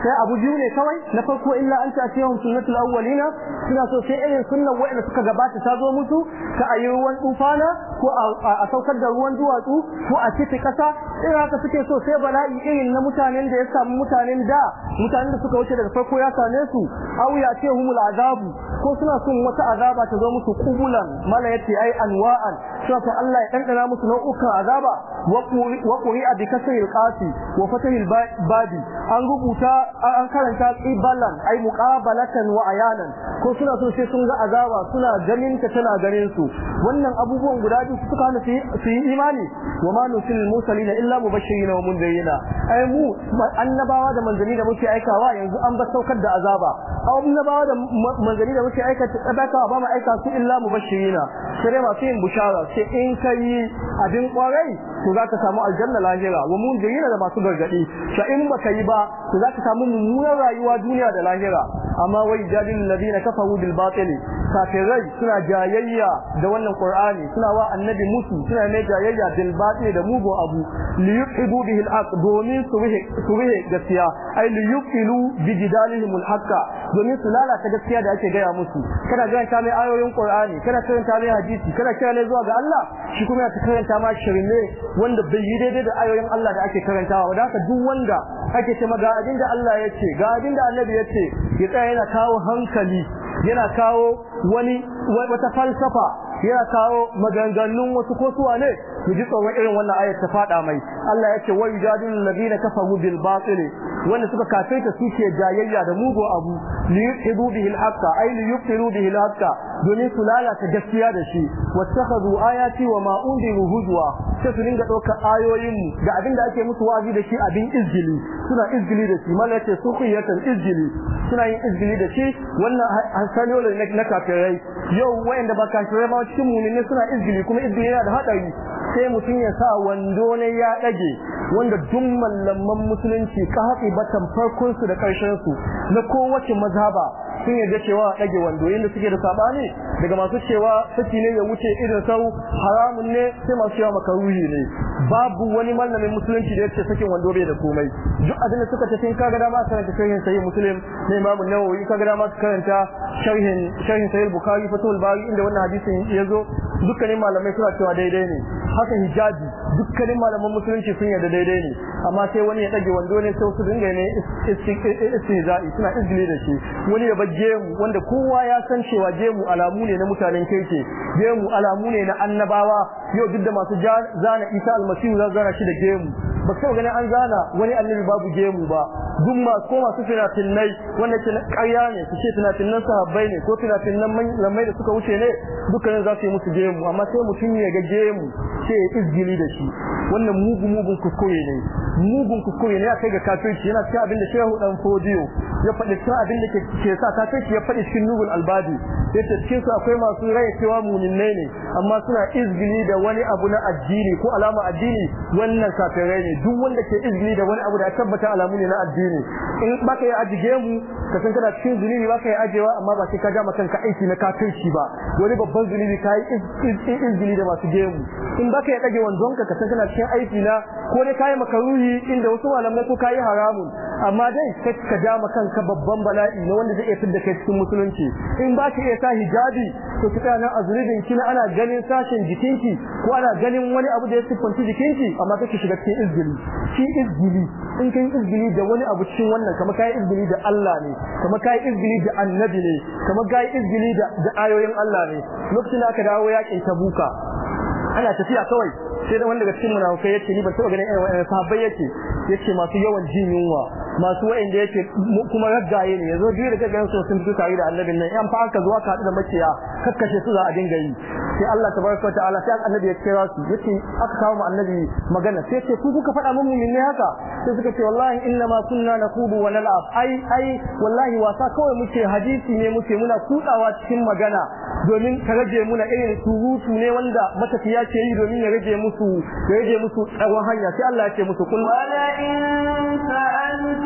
sai abu biyu ne kawai na farko illa an ta'tiyahum sunnatul awwalina suna so sai irin sunnan wa'anda suka gabata ta zo musu ka ayi ruwan tufana ko a saukar da ruwan duwatsu ko a cikin kasa irin haka suke so sai bala'i irin na mutanen da ya samu mutanen da mutanen da suka wuce daga farko ya same same su aw ya ce humul azabu ko suna son wata azaba ta zo musu kubulan mala yace ai anwa'an suna son Allah ya dandana musu nau'ukan azaba wa quri'a bi kasril qasi wa fatahil an rubuta an karanta qibalan ai muqabalatan wa ayanan ko suna son sai sun ga azaba suna ganin ta tana ganin su wannan abubuwan guda biyu suka hana su yi imani wa ma nusil musalina illa mubashirina wa mundirina ai mu annabawa da manzanni da muke aikawa yanzu an ba saukar da azaba azaba aw bawa da manzari da muke aikata ta sadaka ba mu aika su illa mubashirina sai masu yin bushara sai in kai abin kwarai to zaka samu aljanna lahira wa munzirina da masu gargadi fa in baka yi ba to zaka samu mummunar rayuwa duniya da lahira amma wai jadil ladina kafaru bil batil kafirai suna jayayya da wannan qur'ani suna wa annabi musu suna mai jayayya bil batil da mugo abu li yuhibu bihi al domin su rihe gaskiya ai li yuqilu bi jidalihim al domin su lalata gaskiya da ake gaya musu kana karanta mai ayoyin qur'ani kana karanta mai hadisi kana kira ne zuwa ga Allah shi kuma ya karanta ma shirme wanda bai yi daidai da ayoyin Allah da ake karantawa ba haka duk wanda ake cewa ga abin da Allah ya ce ga abin da Annabi ya ce ya tsaya yana kawo hankali yana kawo wani wata falsafa yana kawo maganganun wasu ko suwa ne mu ji tsoron irin wannan ayar ta fada mai Allah ya ce wa yujadilul ladina kafaru bil batil wanda suka kafirta suke jayayya da mugu abu li yuqidu bihi al haqqa ay li yuqiru bihi al domin su lalata gaskiya da shi wattakhadhu ayati wa ma undiru huzwa sai su dinga ɗaukar ayoyin mu da abin da ake musu wazi da shi abin izgili suna izgili da shi mala ce sukhiyatan izgili suna yin izgili da shi wannan ne na kafirai yau wayanda ba kafirai ba cikin mu'mini suna izgili kuma izgili yana da hadari sai mutum ya sa wando ne ya dage wanda duk mallaman musulunci ka haƙi batan farkon su da karshen su na kowace mazhaba sun yarda cewa dage wando da suke da sabani daga masu cewa saki ne ya wuce irin sau haramun ne sai masu cewa makaruhi ne babu wani malamin musulunci da yake sakin wando bai da komai duk abin da suka ce sun kaga dama su karanta sharhin sahih muslim na imamu nawawi kaga dama su karanta sharhin sharhin sahih bukhari fatul bari inda wannan hadisin ya zo dukkanin malamai suna cewa daidai ne haka hijabi dukkanin malaman musulunci sun yarda daidai ne amma sai wani ya dage wando ne sai su dinga ne istihza'i suna izgili da shi wani ya bar gemu wanda kowa ya san cewa gemu alamu ne na mutanen kirki gemu alamu ne na annabawa yau duk da masu zana Isa almasihu za zana shi da gemu ba sai ganin an zana wani annabi babu gemu ba duk masu ko masu finafinai wanda ke ƙarya ne su ce finafinan sahabbai ne ko finafinan lamai da suka wuce ne dukkanin za su yi musu gemu amma sai mutum ya ga gemu ce izgili da shi wannan mugu mugun kuskure ne mugun kuskure ne ya kai ga kafirci yana cikin abin da shehu dan fodiyo ya faɗi cikin abin da ke sa shi ya faɗi cikin nubul albadi ta cikin su akwai masu rai cewa mu'minai ne amma suna izgili da wani abu na addini ko alama addini wannan kafirai ne duk wanda ke izgili da wani abu da tabbata alamu ne na addini in ba ka yi ajige mu ka san kana cikin zunubi ba ka yi ajewa amma ba sai ka ga ka aiki na kafirci ba wani babban zunubi kai izgili da masu gemu in baka ya dage wanzonka ka san kana cikin aiki na ko dai kai makaruhi inda wasu malamai ko kai haramun amma dai kai ka ja maka kanka babban bala'i ne wanda zai iya fitar da kai cikin musulunci in baki iya sa hijabi to kika nan azribin kina ana ganin sashen jikinki ko ana ganin wani abu da ya siffanci jikinki amma kake shiga cikin izgili shi izgili in kai izgili da wani abu cikin wannan kamar kai izgili da Allah ne kamar kai izgili da annabi ne kamar kai izgili da ayoyin Allah ne lokacin da ka dawo yakin tabuka ana tafiya kawai sai da wanda daga cikin munafikai yace ni ban taba ganin irin sahabbai yace yace masu yawan jin yunwa masu wa'anda yake kuma raggaye ne yazo biyu da kaga su sun fito tare da annabin nan yan fa aka zo hadu da makiya kakkashe su za a dinga yi sai Allah tabaraka ta'ala sai annabi ya kira su yace aka kawo mu annabi magana sai ce ku kuka faɗa mun min haka sai suka ce wallahi inna ma kunna naqubu wa nal'ab ai ai wallahi wasa kawai muke hadisi ne muke muna kudawa cikin magana domin ka rage muna irin surutu ne wanda matafiya ke yi domin ya rage musu ya rage musu tsawon hanya sai Allah ya ce musu kul wala in sa'alta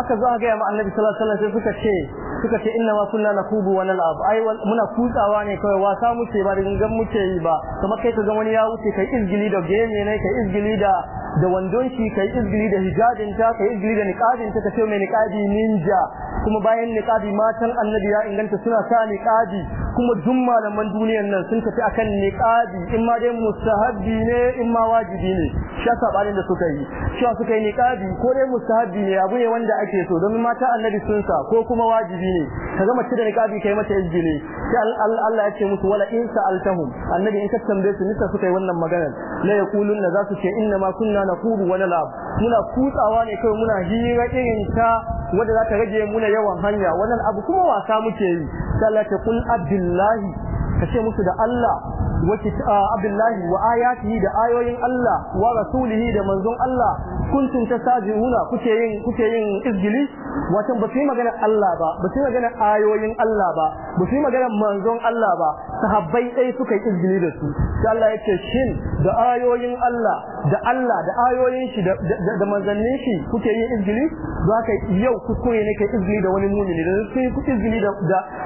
aka zo a ga ma annabi sallallahu alaihi wasallam sai suka ce suka ce inna ma kunna nakubu wa nal'ab ai muna kutsawa ne kawai wasa muke ba da gangan muke yi ba kuma kai ka ga wani ya wuce kai izgili da game ne kai izgili da da wandon shi kai izgili da hijabin ta kai izgili da niqabin ta kace mai niqabi ninja kuma bayan niqabi matan annabi ya inganta suna sa niqabi kuma duk malaman duniyar nan sun tafi akan niqabi in ma dai mustahabbi ne in ma wajibi ne sha da suka yi sha suka yi niqabi ko dai mustahabbi ne abu ne wanda ake so domin mata annabi sun sa ko kuma wajibi ne kaga mace da niqabi kai mata izgili sai Allah ya ce musu wala in sa'altahum annabi in ka tambaye su nisa suka yi wannan magana la yaquluna za su ce inna ma kunna naqulu wa nalab muna kutsawa ne kai muna hira irin ta wanda za ta rage muna yawan hanya wannan abu kuma wasa muke yi sai Allah ya ce kul abdil billahi ka ce musu da Allah wa abdullahi wa ayatihi da ayoyin Allah wa rasulihi da manzon Allah kuntum tasajiuna kuke yin kuke yin izgili wato ba su yi magana Allah ba ba su yi magana ayoyin Allah ba ba su yi magana manzon Allah ba sahabbai dai suka yi izgili da su sai Allah yake shin da ayoyin Allah da Allah da ayoyin shi da da manzannin shi kuke yin izgili za ka yau kuskure ne kai izgili da wani mumini da sun yi izgili da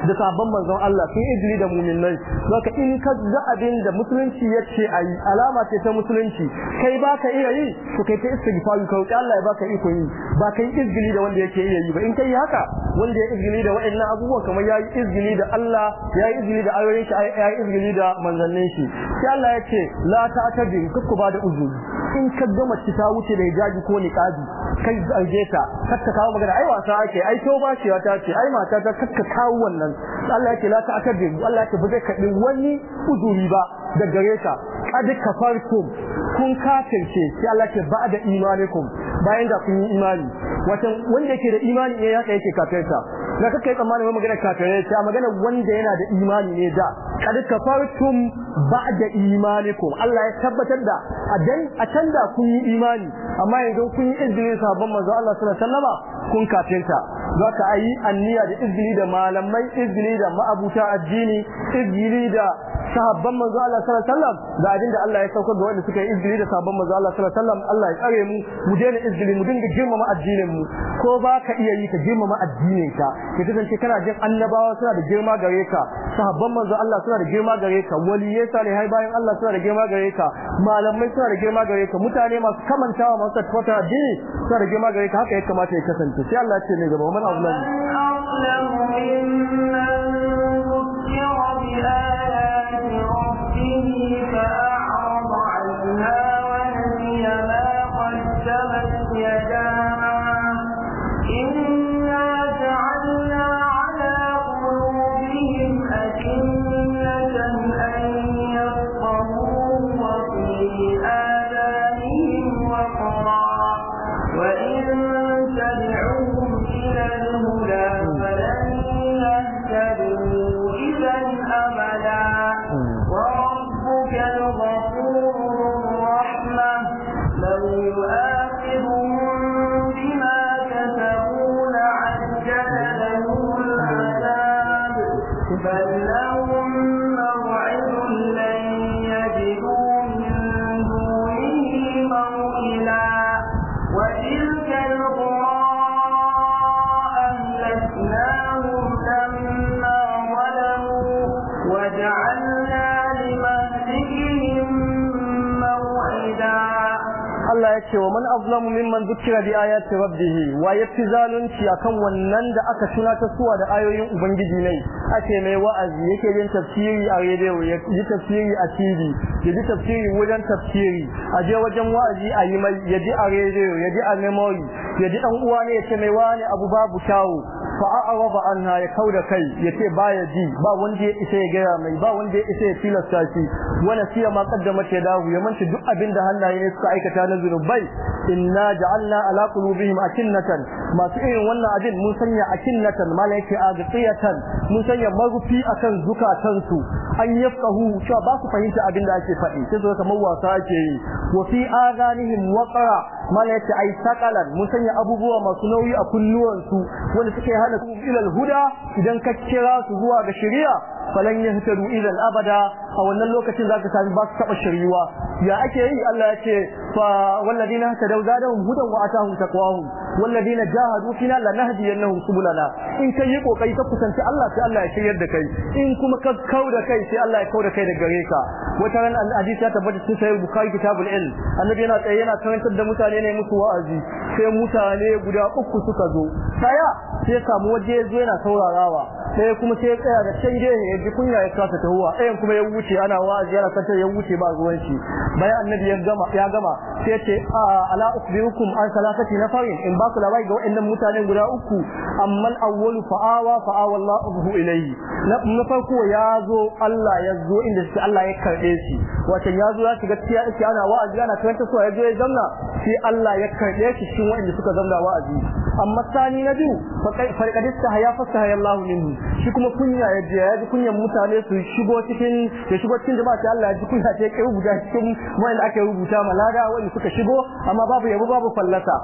da sabon manzon Allah sun izgili da muminai za ka in ka ga abin da musulunci yace ayi alama ce ta musulunci kai ba ka iya yi to kai ta istighfar ayu ka Allah ya baka iko yi ba kai izgili da wanda yake yi ba in kai haka wanda ya izgili da wa'annan abubuwa kamar yayi izgili da Allah yayi izgili da ayoyin shi yayi izgili da manzannin shi sai Allah ya ce la ta'tadin kuku ba da uzuri in ka gama ci ta wuce da jaji ko ni kadi kai zage ta kakka kawo magana ai wasa ake ai to ba ce ta ce ai mata ta ka kawo wannan Allah yake la ta'tadi Allah yake bude kadin wani uzuri ba da gare ka kad farko kun kafirce sai Allah yake ba'da imanikum bayan da kun yi imani watan wanda yake da imani ne ya yake kafirta na kake tsammanin wani magana kafirai ta magana wanda yana da imani ne da kad kafartum ba'da imanikum Allah ya tabbatar da adan a da kun yi imani amma yanzu kun yi izini sabon manzo Allah sallallahu alaihi wasallama kun kafirta zaka ayi anniya da izini da malamai izini da ma'abuta addini izini da sabon manzo Allah sallallahu alaihi wasallam da abinda Allah ya sauka ga wanda suka yi izini da sabon manzo Allah sallallahu alaihi wasallam Allah ya tsare mu mu daina izini mu dinga girmama addinin mu ko ba ka iya yi ka girmama addinin ka ka kasance kana jin annabawa suna da girma gare ka sahabban manzo Allah suna da girma gare ka waliyai salihai bayan Allah suna da girma gare ka malamai suna da girma gare ka mutane masu kamantawa masu tafata dini suna da girma gare ka haka ya kamata ya kasance sai Allah ce ne gaba man azlam فأعرض ما قدمت يداه azlamu mimman dhukira bi ayati rabbih wa yatizalun zalunci akan wannan da aka tuna ta suwa da ayoyin ubangiji ne ake mai wa'azi yake yin tafsiri a radio yake yi tafsiri a TV ya ji tafsiri wajen tafsiri a je wajen wa'azi a yi mai ya ji a radio ya ji a memory ya ji dan uwa ne ya ce mai wani abu babu kyawu fa a'rada anha ya kauda kai yace ce baya ji ba wanda ya isa ya gaya mai ba wanda ya isa ya tilasta shi wala siya ma kaddama ke dawo ya manta duk abin da hannaye ne suka aikata na zunubai inna ja'alna ala qulubihim akinnatan masu irin wannan abin mun sanya akinnatan malaiki azqiyatan mun sanya marufi akan su an yafqahu cewa ba su fahimta abin da ake faɗi sai zo kamar wasa ake yi wa fi azanihim waqra malaiki ai sakalan mun sanya abubuwa masu nauyi a su wanda suke hana su ilal huda idan ka kira su zuwa ga shari'a falan yahtadu ilal abada a wannan lokacin zaka sami ba su taba shari'a ya ake yi Allah ya ce na والذين اهتدوا زادهم هدى واتاهم تقواهم والذين جاهدوا فينا لنهدينهم سبلنا in kai yi kokari ka kusanci Allah sai Allah ya shiryar da kai in kuma ka da kai sai Allah ya kau da kai da gare ka wata ran hadisi ya tabbata cikin sahih bukhari kitabul ilm annabi yana tsaye yana karantar da mutane ne musu wa'azi sai mutane guda uku suka zo saya sai samu waje ya zo yana saurarawa sai kuma sai ya tsaya da shaide ya ji kunya ya kasa tahuwa ɗayan kuma ya wuce ana wa'azi yana kanta ya wuce ba ruwan shi bayan annabi ya gama sai ce ala ukhbirukum an salasati nafarin in ba ku labari ga waɗannan mutane guda uku amma al-awwalu fa'awa fa'awa Allahu ilayhi na farko ya zo Allah ya zo inda shi Allah ya karbe shi wato ya zo ya shiga tiya yake ana wa'azi ana karanta so ya zo ya zamna sai Allah ya karbe shi cikin waɗanda suka zamna wa'azi amma sani na biyu farkadista haya fasaha Allahu minhu shi kuma kunya ya je ya ji kunyan mutane su shigo cikin ya shigo cikin jama'a sai Allah ya ji kunya ta ya rubuta cikin wanda ake rubuta malaga wani suka shigo amma babu yabo babu fallata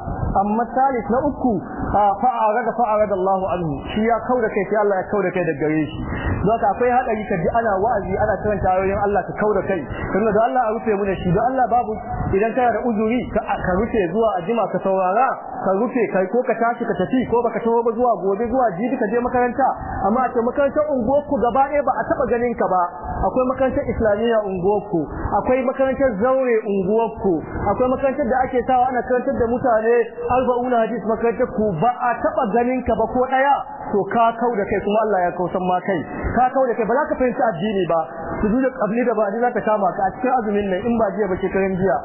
amma salis na uku fa'arada fa'arada Allahu anhu shi ya kauda kai sai Allah ya kauda kai daga gare shi don haka akwai hadari kaji ana wa'azi ana karanta ayoyin Allah ka kauda kai don da Allah a rufe mu shi don Allah babu idan kana da uzuri ka rufe zuwa ajima ka saurara ka rufe kai ko ka tashi ka tafi ko baka taro ba zuwa gobe zuwa jibi ka je makaranta amma a ce makarantar unguwarku gaba ɗaya ba a taba ganin ka ba akwai makarantar islamiyya unguwarku akwai makarantar zaure unguwarku akwai makarantar da ake sawa ana karantar da mutane arba'una hadis makarantar ku ba a taba ganin ka ba ko daya to ka kau da kai kuma Allah ya kausan ma kai ka kau da kai ba za ka fahimci addini ba sujudu qabli da ba'di za ta kama ka a cikin azumin nan in ba jiya ba shekarun jiya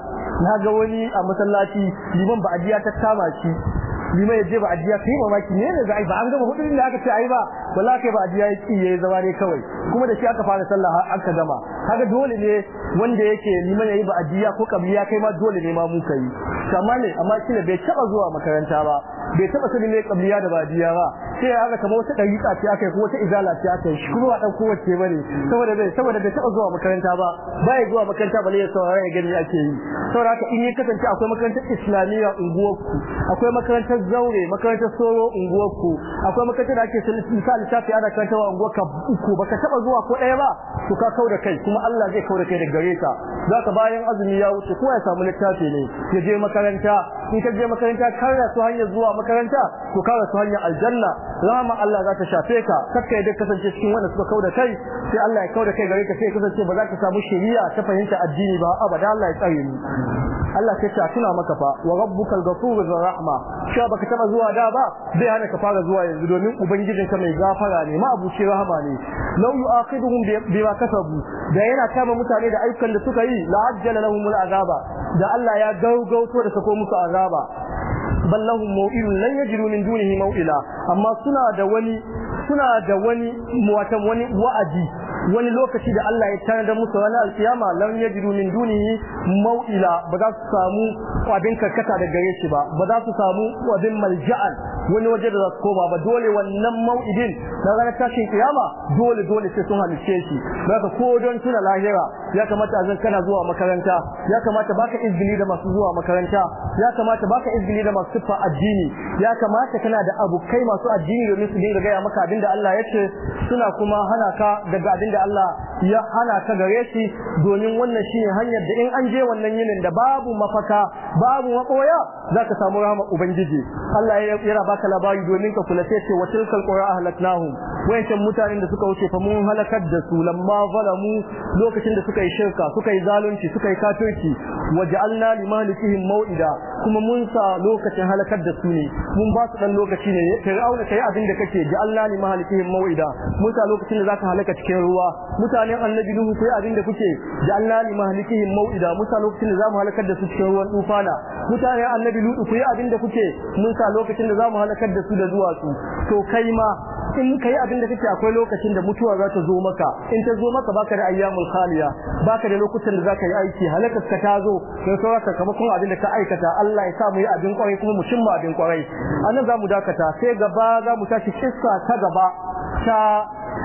na ga wani a masallaci liman ba ajiya ta kama shi ya yaje ba ajiya kai mamaki ne da zai ba an gama hudurin da aka ce ai ba wallahi kai ba ajiya yake yayi zama ne kawai kuma da shi aka fara sallah har aka gama kaga dole ne wanda yake liman yayi ajiya ko kabiya kai ma dole ne ma mu kai kamar ne amma kila bai taba zuwa makaranta ba bai taba sani ne kabiya da ba'diya ba sai ya ga kamar wata dariqa ce akai ko wata izala ce akai shi kuma dan kowace bane saboda bai saboda bai taba zuwa makaranta ba bai zuwa makaranta bale ya saurara ya gani ake yi saboda in ya kasance akwai makarantar islamiyya unguwarku akwai makarantar zaure makarantar soro unguwarku akwai makarantar da ake sun misali tafi ana karantawa unguwarka uku baka taba zuwa ko daya ba to ka kauda kai kuma kuma Allah zai kaura kai daga gare ka zaka bayan azumi ya wuce kowa ya samu littafi ne ya je makaranta in ka je makaranta ka rasu hanyar zuwa makaranta to ka rasu hanyar aljanna rahama Allah za ta shafe ka kakkai da kasance cikin wanda suka kauda kai sai Allah ya kauda kai gare ka sai kasance ba za ka samu shiriya ta fahimta addini ba abada Allah ya tsare ni Allah sai ta tuna maka fa wa rabbukal ghafur dhur rahma sha baka taba zuwa da ba zai hana ka fara zuwa yanzu domin ubangijinka mai gafara ne ma abuci rahama ne law yu'aqibuhum bima kasabu da yana kama mutane da aikan da suka yi la ajjala lahumul azaba da Allah ya gaugauto da sako musu azaba ballahum maw'ilun lan yajidu min dunihi maw'ila amma suna da wani suna da wani wani wa'adi wani lokaci da Allah ya tana da musu wani alkiyama lam yajidu min dunihi mawila ba za su samu abin karkata da gare shi ba ba za su samu abin malja'al wani waje da za su koma ba dole wannan mau'idin na ranar tashin kiyama dole dole sai sun halice shi Ba ko don tuna lahira ya kamata azan kana zuwa makaranta ya kamata baka izini da masu zuwa makaranta ya kamata baka izini da masu tufa addini ya kamata kana da abokai masu addini domin su dinga gaya maka abin da Allah ya ce suna kuma hana ka daga abin اللہ ya hana ka gare shi domin wannan shine hanyar da in an je wannan yinin da babu mafaka babu makoya zaka samu rama ubangiji Allah ya yara ka labari domin ka kula sai ce wa tilkal qura ahlaknahum wayancan mutanen da suka wuce fa mun halakar da su lamma zalamu lokacin da suka yi shirka suka yi zalunci suka yi kafirci waj'alna limalikihim maw'ida kuma mun sa lokacin halakar da su ne mun ba su dan lokaci ne auna kai abin da kake Allah limalikihim maw'ida mun sa lokacin da zaka halaka cikin ruwa mutane mutanen annabi nuhu sai da kuke ja'alna li mahlikihim mau'ida musa lokacin da zamu halakar da su cikin ruwan tufana mutanen annabi lutu ku abin da kuke musa lokacin da zamu halakar da su da zuwa su to kai ma in kai abin da kake akwai lokacin da mutuwa za ta zo maka in ta zo maka baka da ayyamul khaliya baka da lokacin da za ka yi aiki halakar ka ta zo sai saura ka kama kun da ka aikata Allah ya sa mu yi abin kwarai kuma mu cimma abin kwarai anan mu dakata sai gaba za mu tashi kissa ta gaba ta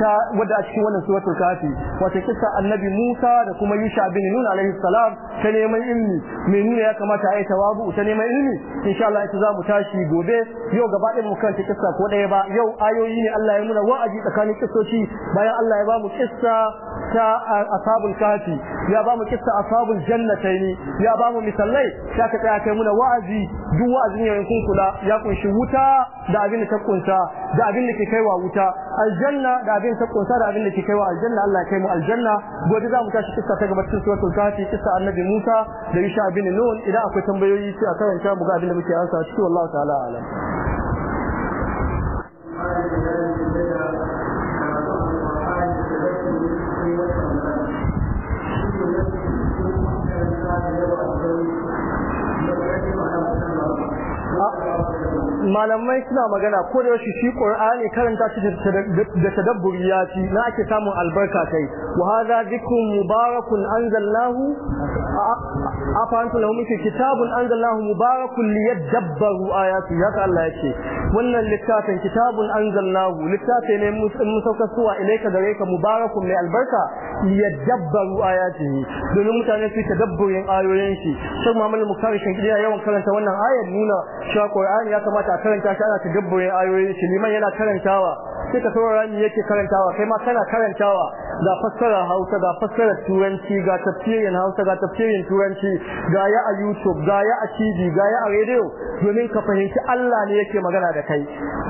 ta wadda a cikin wannan suratul kafi Wace kissa annabi Musa da kuma Yusha bin Nun alaihi salam ta neman ilmi mai nuna ya kamata a yi tawabu ta neman ilmi insha Allah ita za mu tashi gobe yau gaba ɗin mu kan kissa ko ɗaya ba yau ayoyi ne Allah ya nuna wa'azi tsakanin kissoci bayan Allah ya ba mu kissa ta ashabul kafi ya bamu mu kissa ashabul jannataini ya bamu mu misallai sai ka tsaya kai muna wa'azi duk wa'azin yayin kun kula ya kunshi wuta da abin da ta kunsa da abin da ke kaiwa wuta aljanna da abin ta kunsa da abin da ke kaiwa aljanna Allah ya kai mu aljanna gobe za mu tashi kissa ta gaba cikin suratul kafi kissa annabi Musa da Yusha bin Nun idan akwai tambayoyi sai a karanta mu ga abin da muke ansa cikin wallahi ta'ala alam malamai suna magana ko da yaushe shi Qur'ani karanta shi da tadabburi ya ci na ake samun albarka kai wa hadha dhikrun mubarakun anzalnahu afa antum lahu miki kitabun anzalnahu mubarakun liyadabbaru ayati ya ta Allah yake wannan littafin kitabun anzalnahu littafi ne mun sauka suwa ilaika gare ka mubarakun mai albarka liyadabbaru ayati domin mutane su tadabburin ayoyin shi sai Muhammad Mukarishin ya yawan karanta wannan ayat nuna cewa Qur'ani ya kamata ta karanta shi ana ta tadabburin ayoyin shi liman yana karantawa sai ka saurara ni yake karantawa kai ma kana karantawa ga fassara Hausa ga fassara Turanci ga tafsirin Hausa ga tafsirin Turanci ga ya a YouTube ga ya a TV ga ya a radio domin ka fahimci Allah ne yake magana da kai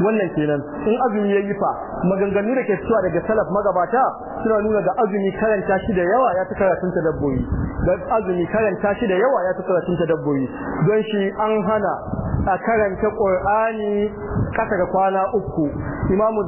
wannan kenan in azumi yayi fa maganganu da ke cewa daga salaf magabata suna nuna ga azumi karanta shi da yawa ya ta karatun dabboyi azumi karanta shi da yawa ya ta karatun dabboyi don shi an hana a karanta Qur'ani kasa ga kwana uku imam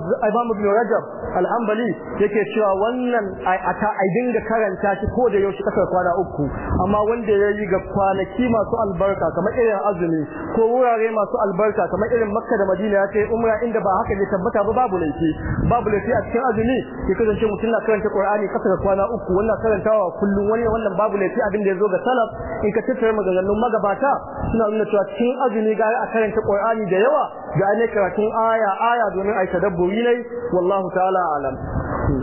ibn rajab al-hanbali yake cewa wannan aka a dinga karanta shi ko da yaushe kasar kwana uku amma wanda ya yi ga kwanaki masu albarka kamar irin azumi ko wurare masu albarka kamar irin makka da madina ya umra inda ba haka ne tabbata ba babu laifi babu laifi a cikin azumi ya kasance mutum na karanta qur'ani kasar kwana uku wannan karantawa kullum wani wannan babu laifi abin da ya zo ga salaf in ka tattara maganganun magabata suna nuna cewa cikin azumi ga a karanta qur'ani da yawa ga ne karatun aya aya domin ai tadabburi ne wallahu ta'ala alam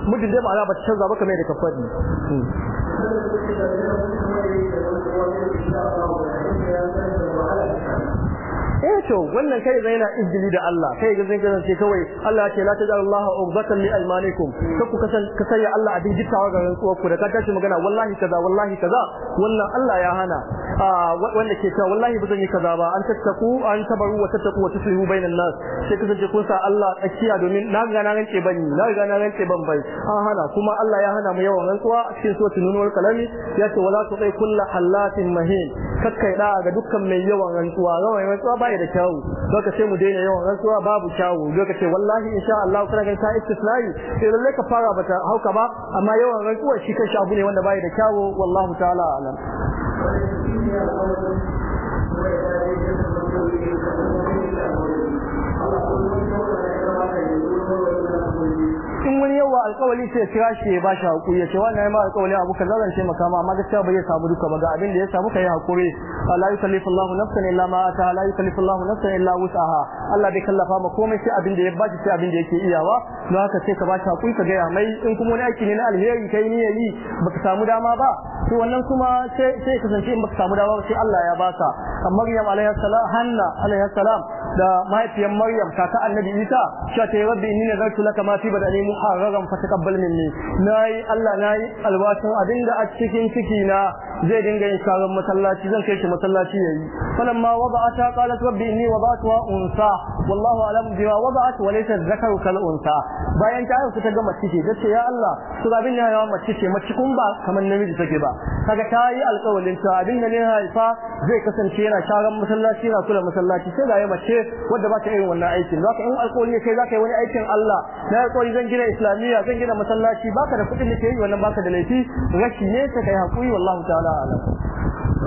muddin dai ma'ana ba ta canza ba kamar da ka faɗi eh to wannan kai zai na izgili da Allah kai ga zai kasance kawai Allah ya ce la tajal Allah ubzatan li almanikum to ku kasan ka sai Allah abin jittawa ga rantsuwar ku da ka tashi magana wallahi kaza wallahi kaza wannan Allah ya hana ah, wanda ke cewa wallahi ba zan yi kaza ba an tattaku an tabaru wa tattaku wa tuslihu bainan nas sai kasance kun sa Allah tsakiya domin na ga na rance bani na ga na rance ban bai an hana kuma Allah ya hana mu yawan rantsuwa a cikin suratul nur kalami ya ce wala kai kullu halatin mahin kakkai da ga dukkan mai yawan rantsuwa yawan rantsuwa bai da kyawu sai mu daina yawan rantsuwa babu kyawu doka ce wallahi insha Allah kana ga ta istislai sai lalle ka fara bata hauka ba amma yawan rantsuwa shi kanshi shabu ne wanda baya da kyawu wallahu ta'ala alam alƙawari sai kira shi ya bashi hakuri ya ce wannan ya ma alƙawari abu kaza zan ce maka amma gaskiya ya samu duka ba ga abin da ya samu kai hakuri la yukallifullahu nafsan illa ma ataha la yukallifullahu nafsan illa wus'aha Allah bai kallafa ma komai sai abin da ya bashi sai abin da yake iyawa don haka sai ka ba bashi hakuri ka gaya mai in kuma wani aiki ne na alheri kai ni yayi baka samu dama ba to wannan kuma sai sai kasance in baka samu dama ba sai Allah ya baka Maryam alaiha salam Hanna salam da mahaifiyar Maryam kaka Annabi Isa cewa ta rabbi inni nazartu laka ma fi badani muharraran fa taqabbal minni nayi Allah na nayi alwatin abinda a cikin ciki na zai dinga yin karan masallaci zan kai shi masallaci yayi falamma wada'ata qalat rabbi inni wada'tuha unsa wallahu alam bima wada'at wa laysa dhakaru kal unsa bayan ta haihu ta ga mace ce ya Allah su abin ne ya mace ce mace kun ba kamar namiji take ba kaga ta yi alƙawarin ta abin da ne haifa zai kasance yana sharan masallaci yana kula masallaci sai ga ya mace wadda ba ta irin wannan aikin zaka in alƙawari ne kai zaka yi wani aikin Allah na alƙawari zan gina islamiyya zan gina masallaci baka da kuɗin da ke yi wannan baka da laifi rashi ne sai kai hakuri wallahi ta'ala ta'ala alam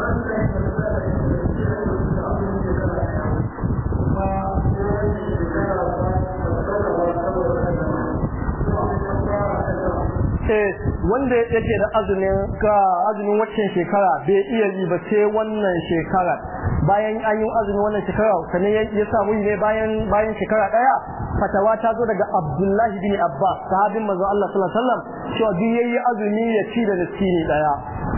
eh, wanda yake da azumin ga azumin waccan shekara bai iya yi ba sai wannan shekarar bayan an yi azumi wannan shekara sannan ya samu ne bayan bayan shekara daya fatawa ta zo daga Abdullahi bin Abbas sahabin manzon Allah sallallahu alaihi wasallam cewa duk yayi azumi ya ci da miskini daya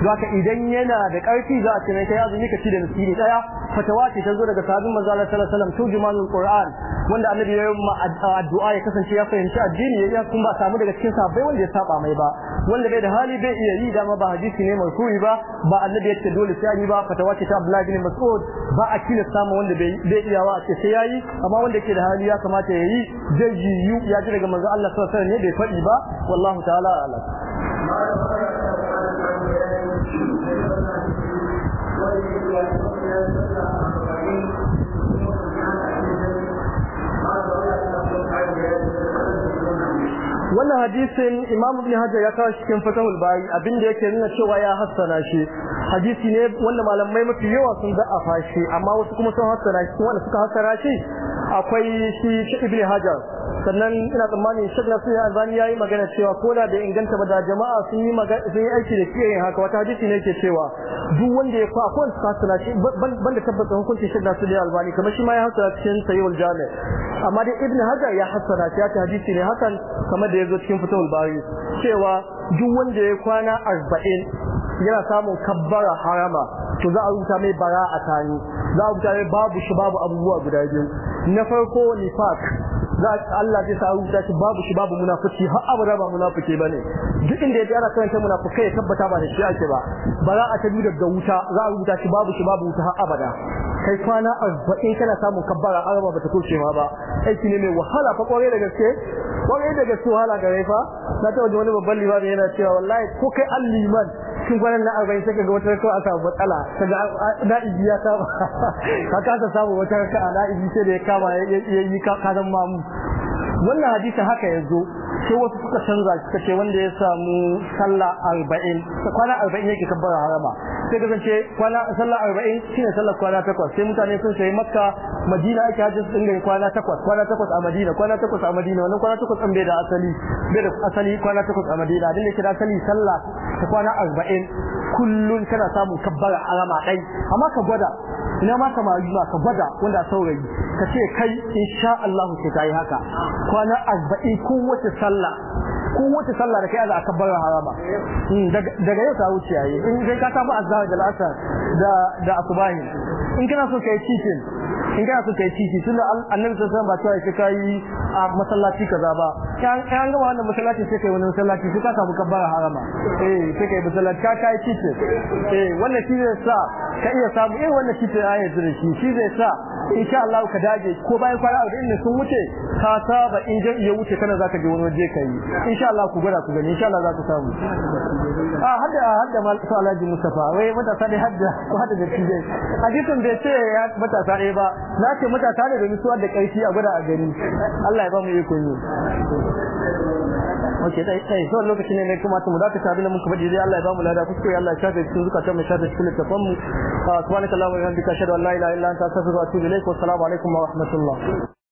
zaka idan yana da karfi za a ce kai azumi ka ci da miskini daya fatawa ce ta zo daga sahabin manzon Allah sallallahu alaihi wasallam Qur'an wanda annabi ya yi addu'a ya kasance ya fahimci addini ya ba samu daga cikin sahabbai wanda ya saba mai ba wanda bai da hali bai iya yi dama ba hadisi ne marfu'i ba ba annabi ya ce dole sai yi ba fatawa ce ta Abdullahi bin Mas'ud ba a kila samu wanda bai iyawa a ce sai yayi amma wanda yake da hali ya kamata yayi zai yiwu ya ji daga manzo Allah sallallahu alaihi wasallam ne bai faɗi ba wallahu ta'ala a'lam wannan hadisin imam ibn hajar ya kawo cikin fatahul bari abinda yake nuna cewa ya hassana shi hadisi ne wanda malamai mafi yawa sun za'afa fashi amma wasu kuma sun hasara shi wanda suka hasara shi akwai shi shi ibn hajar sannan ina tsammanin shi na suya albani yayi magana cewa ko da bai inganta ba da jama'a sun yi sun yi aiki da kiyaye haka wata hadisi ne ke cewa duk wanda ya fa kwan suka hasara shi banda tabbata hukuncin shi na suya albani kamar shi ma ya hasara cikin sayyul jami amma dai ibn hajar ya hasara shi ya hadisi ne hakan kamar da ya zo cikin fitowar bari cewa duk wanda ya kwana arba'in yana samun kabbara harama to za a rubuta mai bara a tani za a rubuta mai babu shi babu abubuwa guda biyu na farko nifaq za Allah zai sa rubuta shi babu shi babu munafiki har abada ba munafiki bane duk inda ya ji ana karanta ya tabbata ba da shi ake ba bara a ta biyu daga wuta za a rubuta shi babu shi babu wuta har abada kai kwana arba'in kana samun kabbara araba bata kushe ma ba aiki ne mai wahala fa kware da gaske kware da gaske wahala ga fa na ta wajen wani babban limami yana cewa wallahi ko kai alliman cikin kwanan na arba'in sai kaga wata raka'a aka matsala kaga na'ibi ya kama ka kasa samu wata a na'ibi sai da ya kama ya yi kasan mamu wannan hadisi haka ya zo sai wasu suka canza suka ce wanda ya samu sallah arba'in kwana arba'in yake kabbara harama sai ka zance kwana sallah arba'in shine sallar kwana takwas sai mutane sun sayi makka madina ake hajji su dinga kwana takwas kwana takwas a madina kwana takwas a madina wannan kwana takwas an bai da asali bai da asali kwana takwas a madina dinda da ke da asali sallah ta kwana arba'in kullum kana samun kabbara arama ɗai amma ka gwada ina ma samari ma ka gwada wanda saurayi ka ce kai insha Allah ka yi haka kwana arba'in kowace sallah sallah da kai a kabbara harama hmm, daga yau ta wuce yayi in kai ka samu azhar da al'asar da da asubahi in kana so kai cikin in kana so yi titi tunda annabi sallallahu alaihi wasallam ba cewa yi, kai a masallaci kaza ba kan an ga wannan masallaci sai kai wani masallaci sai ka samu kabbara harama eh sai kai masallaci ka kai titi eh wannan shi zai sa ka iya samu eh wannan shi ta ayatu da shi shi zai sa insha Allah ka dage ko bayan kwana a din sun wuce ka saba in je ya wuce kana zaka je wani waje kai insha Allah ku gwada ku gani insha Allah zaka samu a ah, hadda hadda mal salaji mustafa wai matasa dai hadda ko hadda da tije hadisin bai ce ya matasa dai ba na ce mata ta da nutsuwa da ƙarfi a gwada a gani Allah ya ba mu iko yi ok dai sai so lokacin ne kuma mu da ta tabi mun kuma dai Allah ya ba mu lada kuskure Allah ya shafe cikin zuka zukata mai shafe cikin littafin mu subhanakallahumma wa bihamdika ashhadu an la ilaha illa anta astaghfiruka wa atubu ilaik wa assalamu alaikum wa rahmatullah